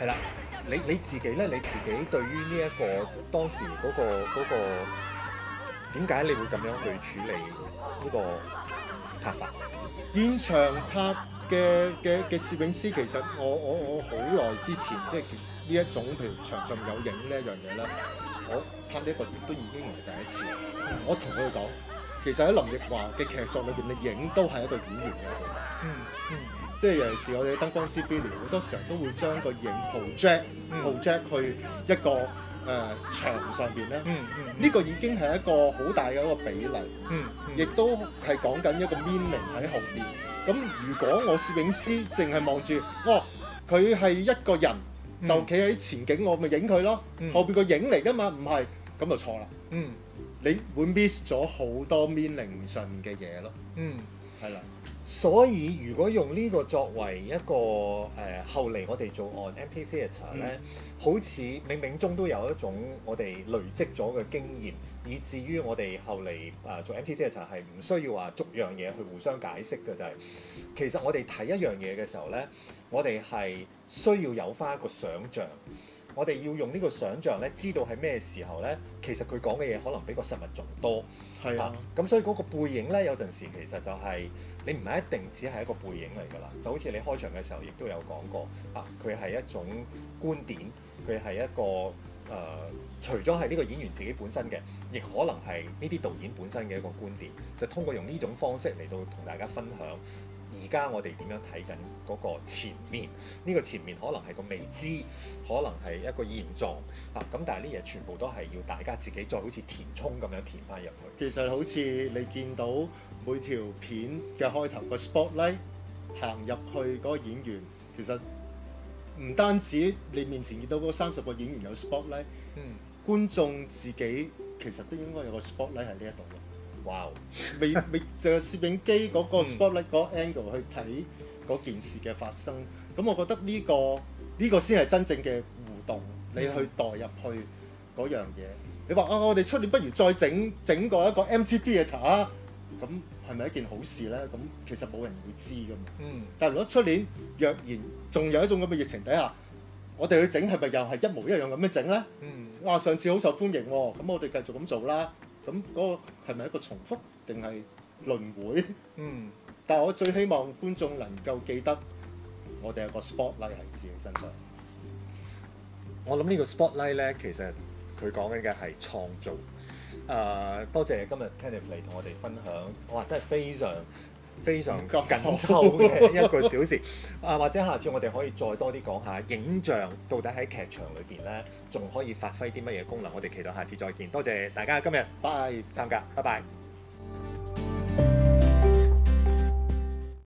係啦、呃，你你自己咧，你自己對於呢一個當時嗰個嗰個點解你會咁樣去處理呢個拍法？現場拍嘅嘅嘅攝影師，其實我我我好耐之前即係呢一種譬如場上有影呢一樣嘢啦，我拍呢一個亦都已經唔係第一次。我同佢講，其實喺林奕華嘅劇作裏邊，你影都係一個演員嘅一個、嗯。嗯嗯。即係尤其是我哋燈光師 Billy，好多時候都會將個影 project、嗯、project 去一個誒牆、呃、上邊咧。呢、嗯嗯、個已經係一個好大嘅一個比例，亦都係講緊一個 meaning 喺後面。咁如果我攝影師淨係望住哦，佢係一個人就企喺前景，我咪影佢咯。嗯、後邊個影嚟㗎嘛，唔係咁就錯啦。嗯、你會 miss 咗好多 meaning 上面嘅嘢咯。係啦、嗯。嗯嗯。所以如果用呢個作為一個誒、呃、後嚟我哋做 On Empty Theatre 咧、嗯，好似冥冥中都有一種我哋累積咗嘅經驗，以至於我哋後嚟啊做 Empty Theatre 係唔需要話逐樣嘢去互相解釋嘅，就係、是、其實我哋睇一樣嘢嘅時候咧，我哋係需要有返一個想像。我哋要用呢個想像咧，知道係咩時候呢，其實佢講嘅嘢可能比個實物仲多。係啊，咁、啊、所以嗰個背影呢，有陣時其實就係、是、你唔係一定只係一個背影嚟㗎啦。就好似你開場嘅時候亦都有講過啊，佢係一種觀點，佢係一個誒、呃，除咗係呢個演員自己本身嘅，亦可能係呢啲導演本身嘅一個觀點，就通過用呢種方式嚟到同大家分享。而家我哋點樣睇緊嗰個前面？呢個前面可能係個未知，可能係一個現狀啊！咁但係呢嘢全部都係要大家自己再好似填充咁樣填翻入去。其實好似你見到每條片嘅開頭個 spotlight 行入去嗰個演員，其實唔單止你面前見到嗰三十個演員有 spotlight，嗯，觀眾自己其實都應該有個 spotlight 喺呢一度。哇！未未就攝影機嗰個 spotlight 嗰個 angle 去睇嗰件事嘅發生，咁我覺得呢個呢個先係真正嘅互動，你去代入去嗰樣嘢。你話啊，我哋出年不如再整整個一個 MTV 嘅茶，咁係咪一件好事呢？咁其實冇人會知噶嘛。嗯。但係如果出年若然仲有一種咁嘅疫情底下，我哋去整係咪又係一模一樣咁樣整呢？嗯。啊，上次好受歡迎喎，咁我哋繼續咁做啦。咁嗰個係咪一個重複定係輪迴？嗯，但我最希望觀眾能夠記得，我哋有個 spotlight 喺自己身上。我諗呢個 spotlight 咧，其實佢講緊嘅係創造。誒，多謝今日 Kenneth 嚟同我哋分享。哇，真係非常，非常緊湊嘅一個小時， 啊或者下次我哋可以再多啲講下影像到底喺劇場裏邊呢，仲可以發揮啲乜嘢功能？我哋期待下次再見，多謝大家今日拜參加，Bye. 拜拜。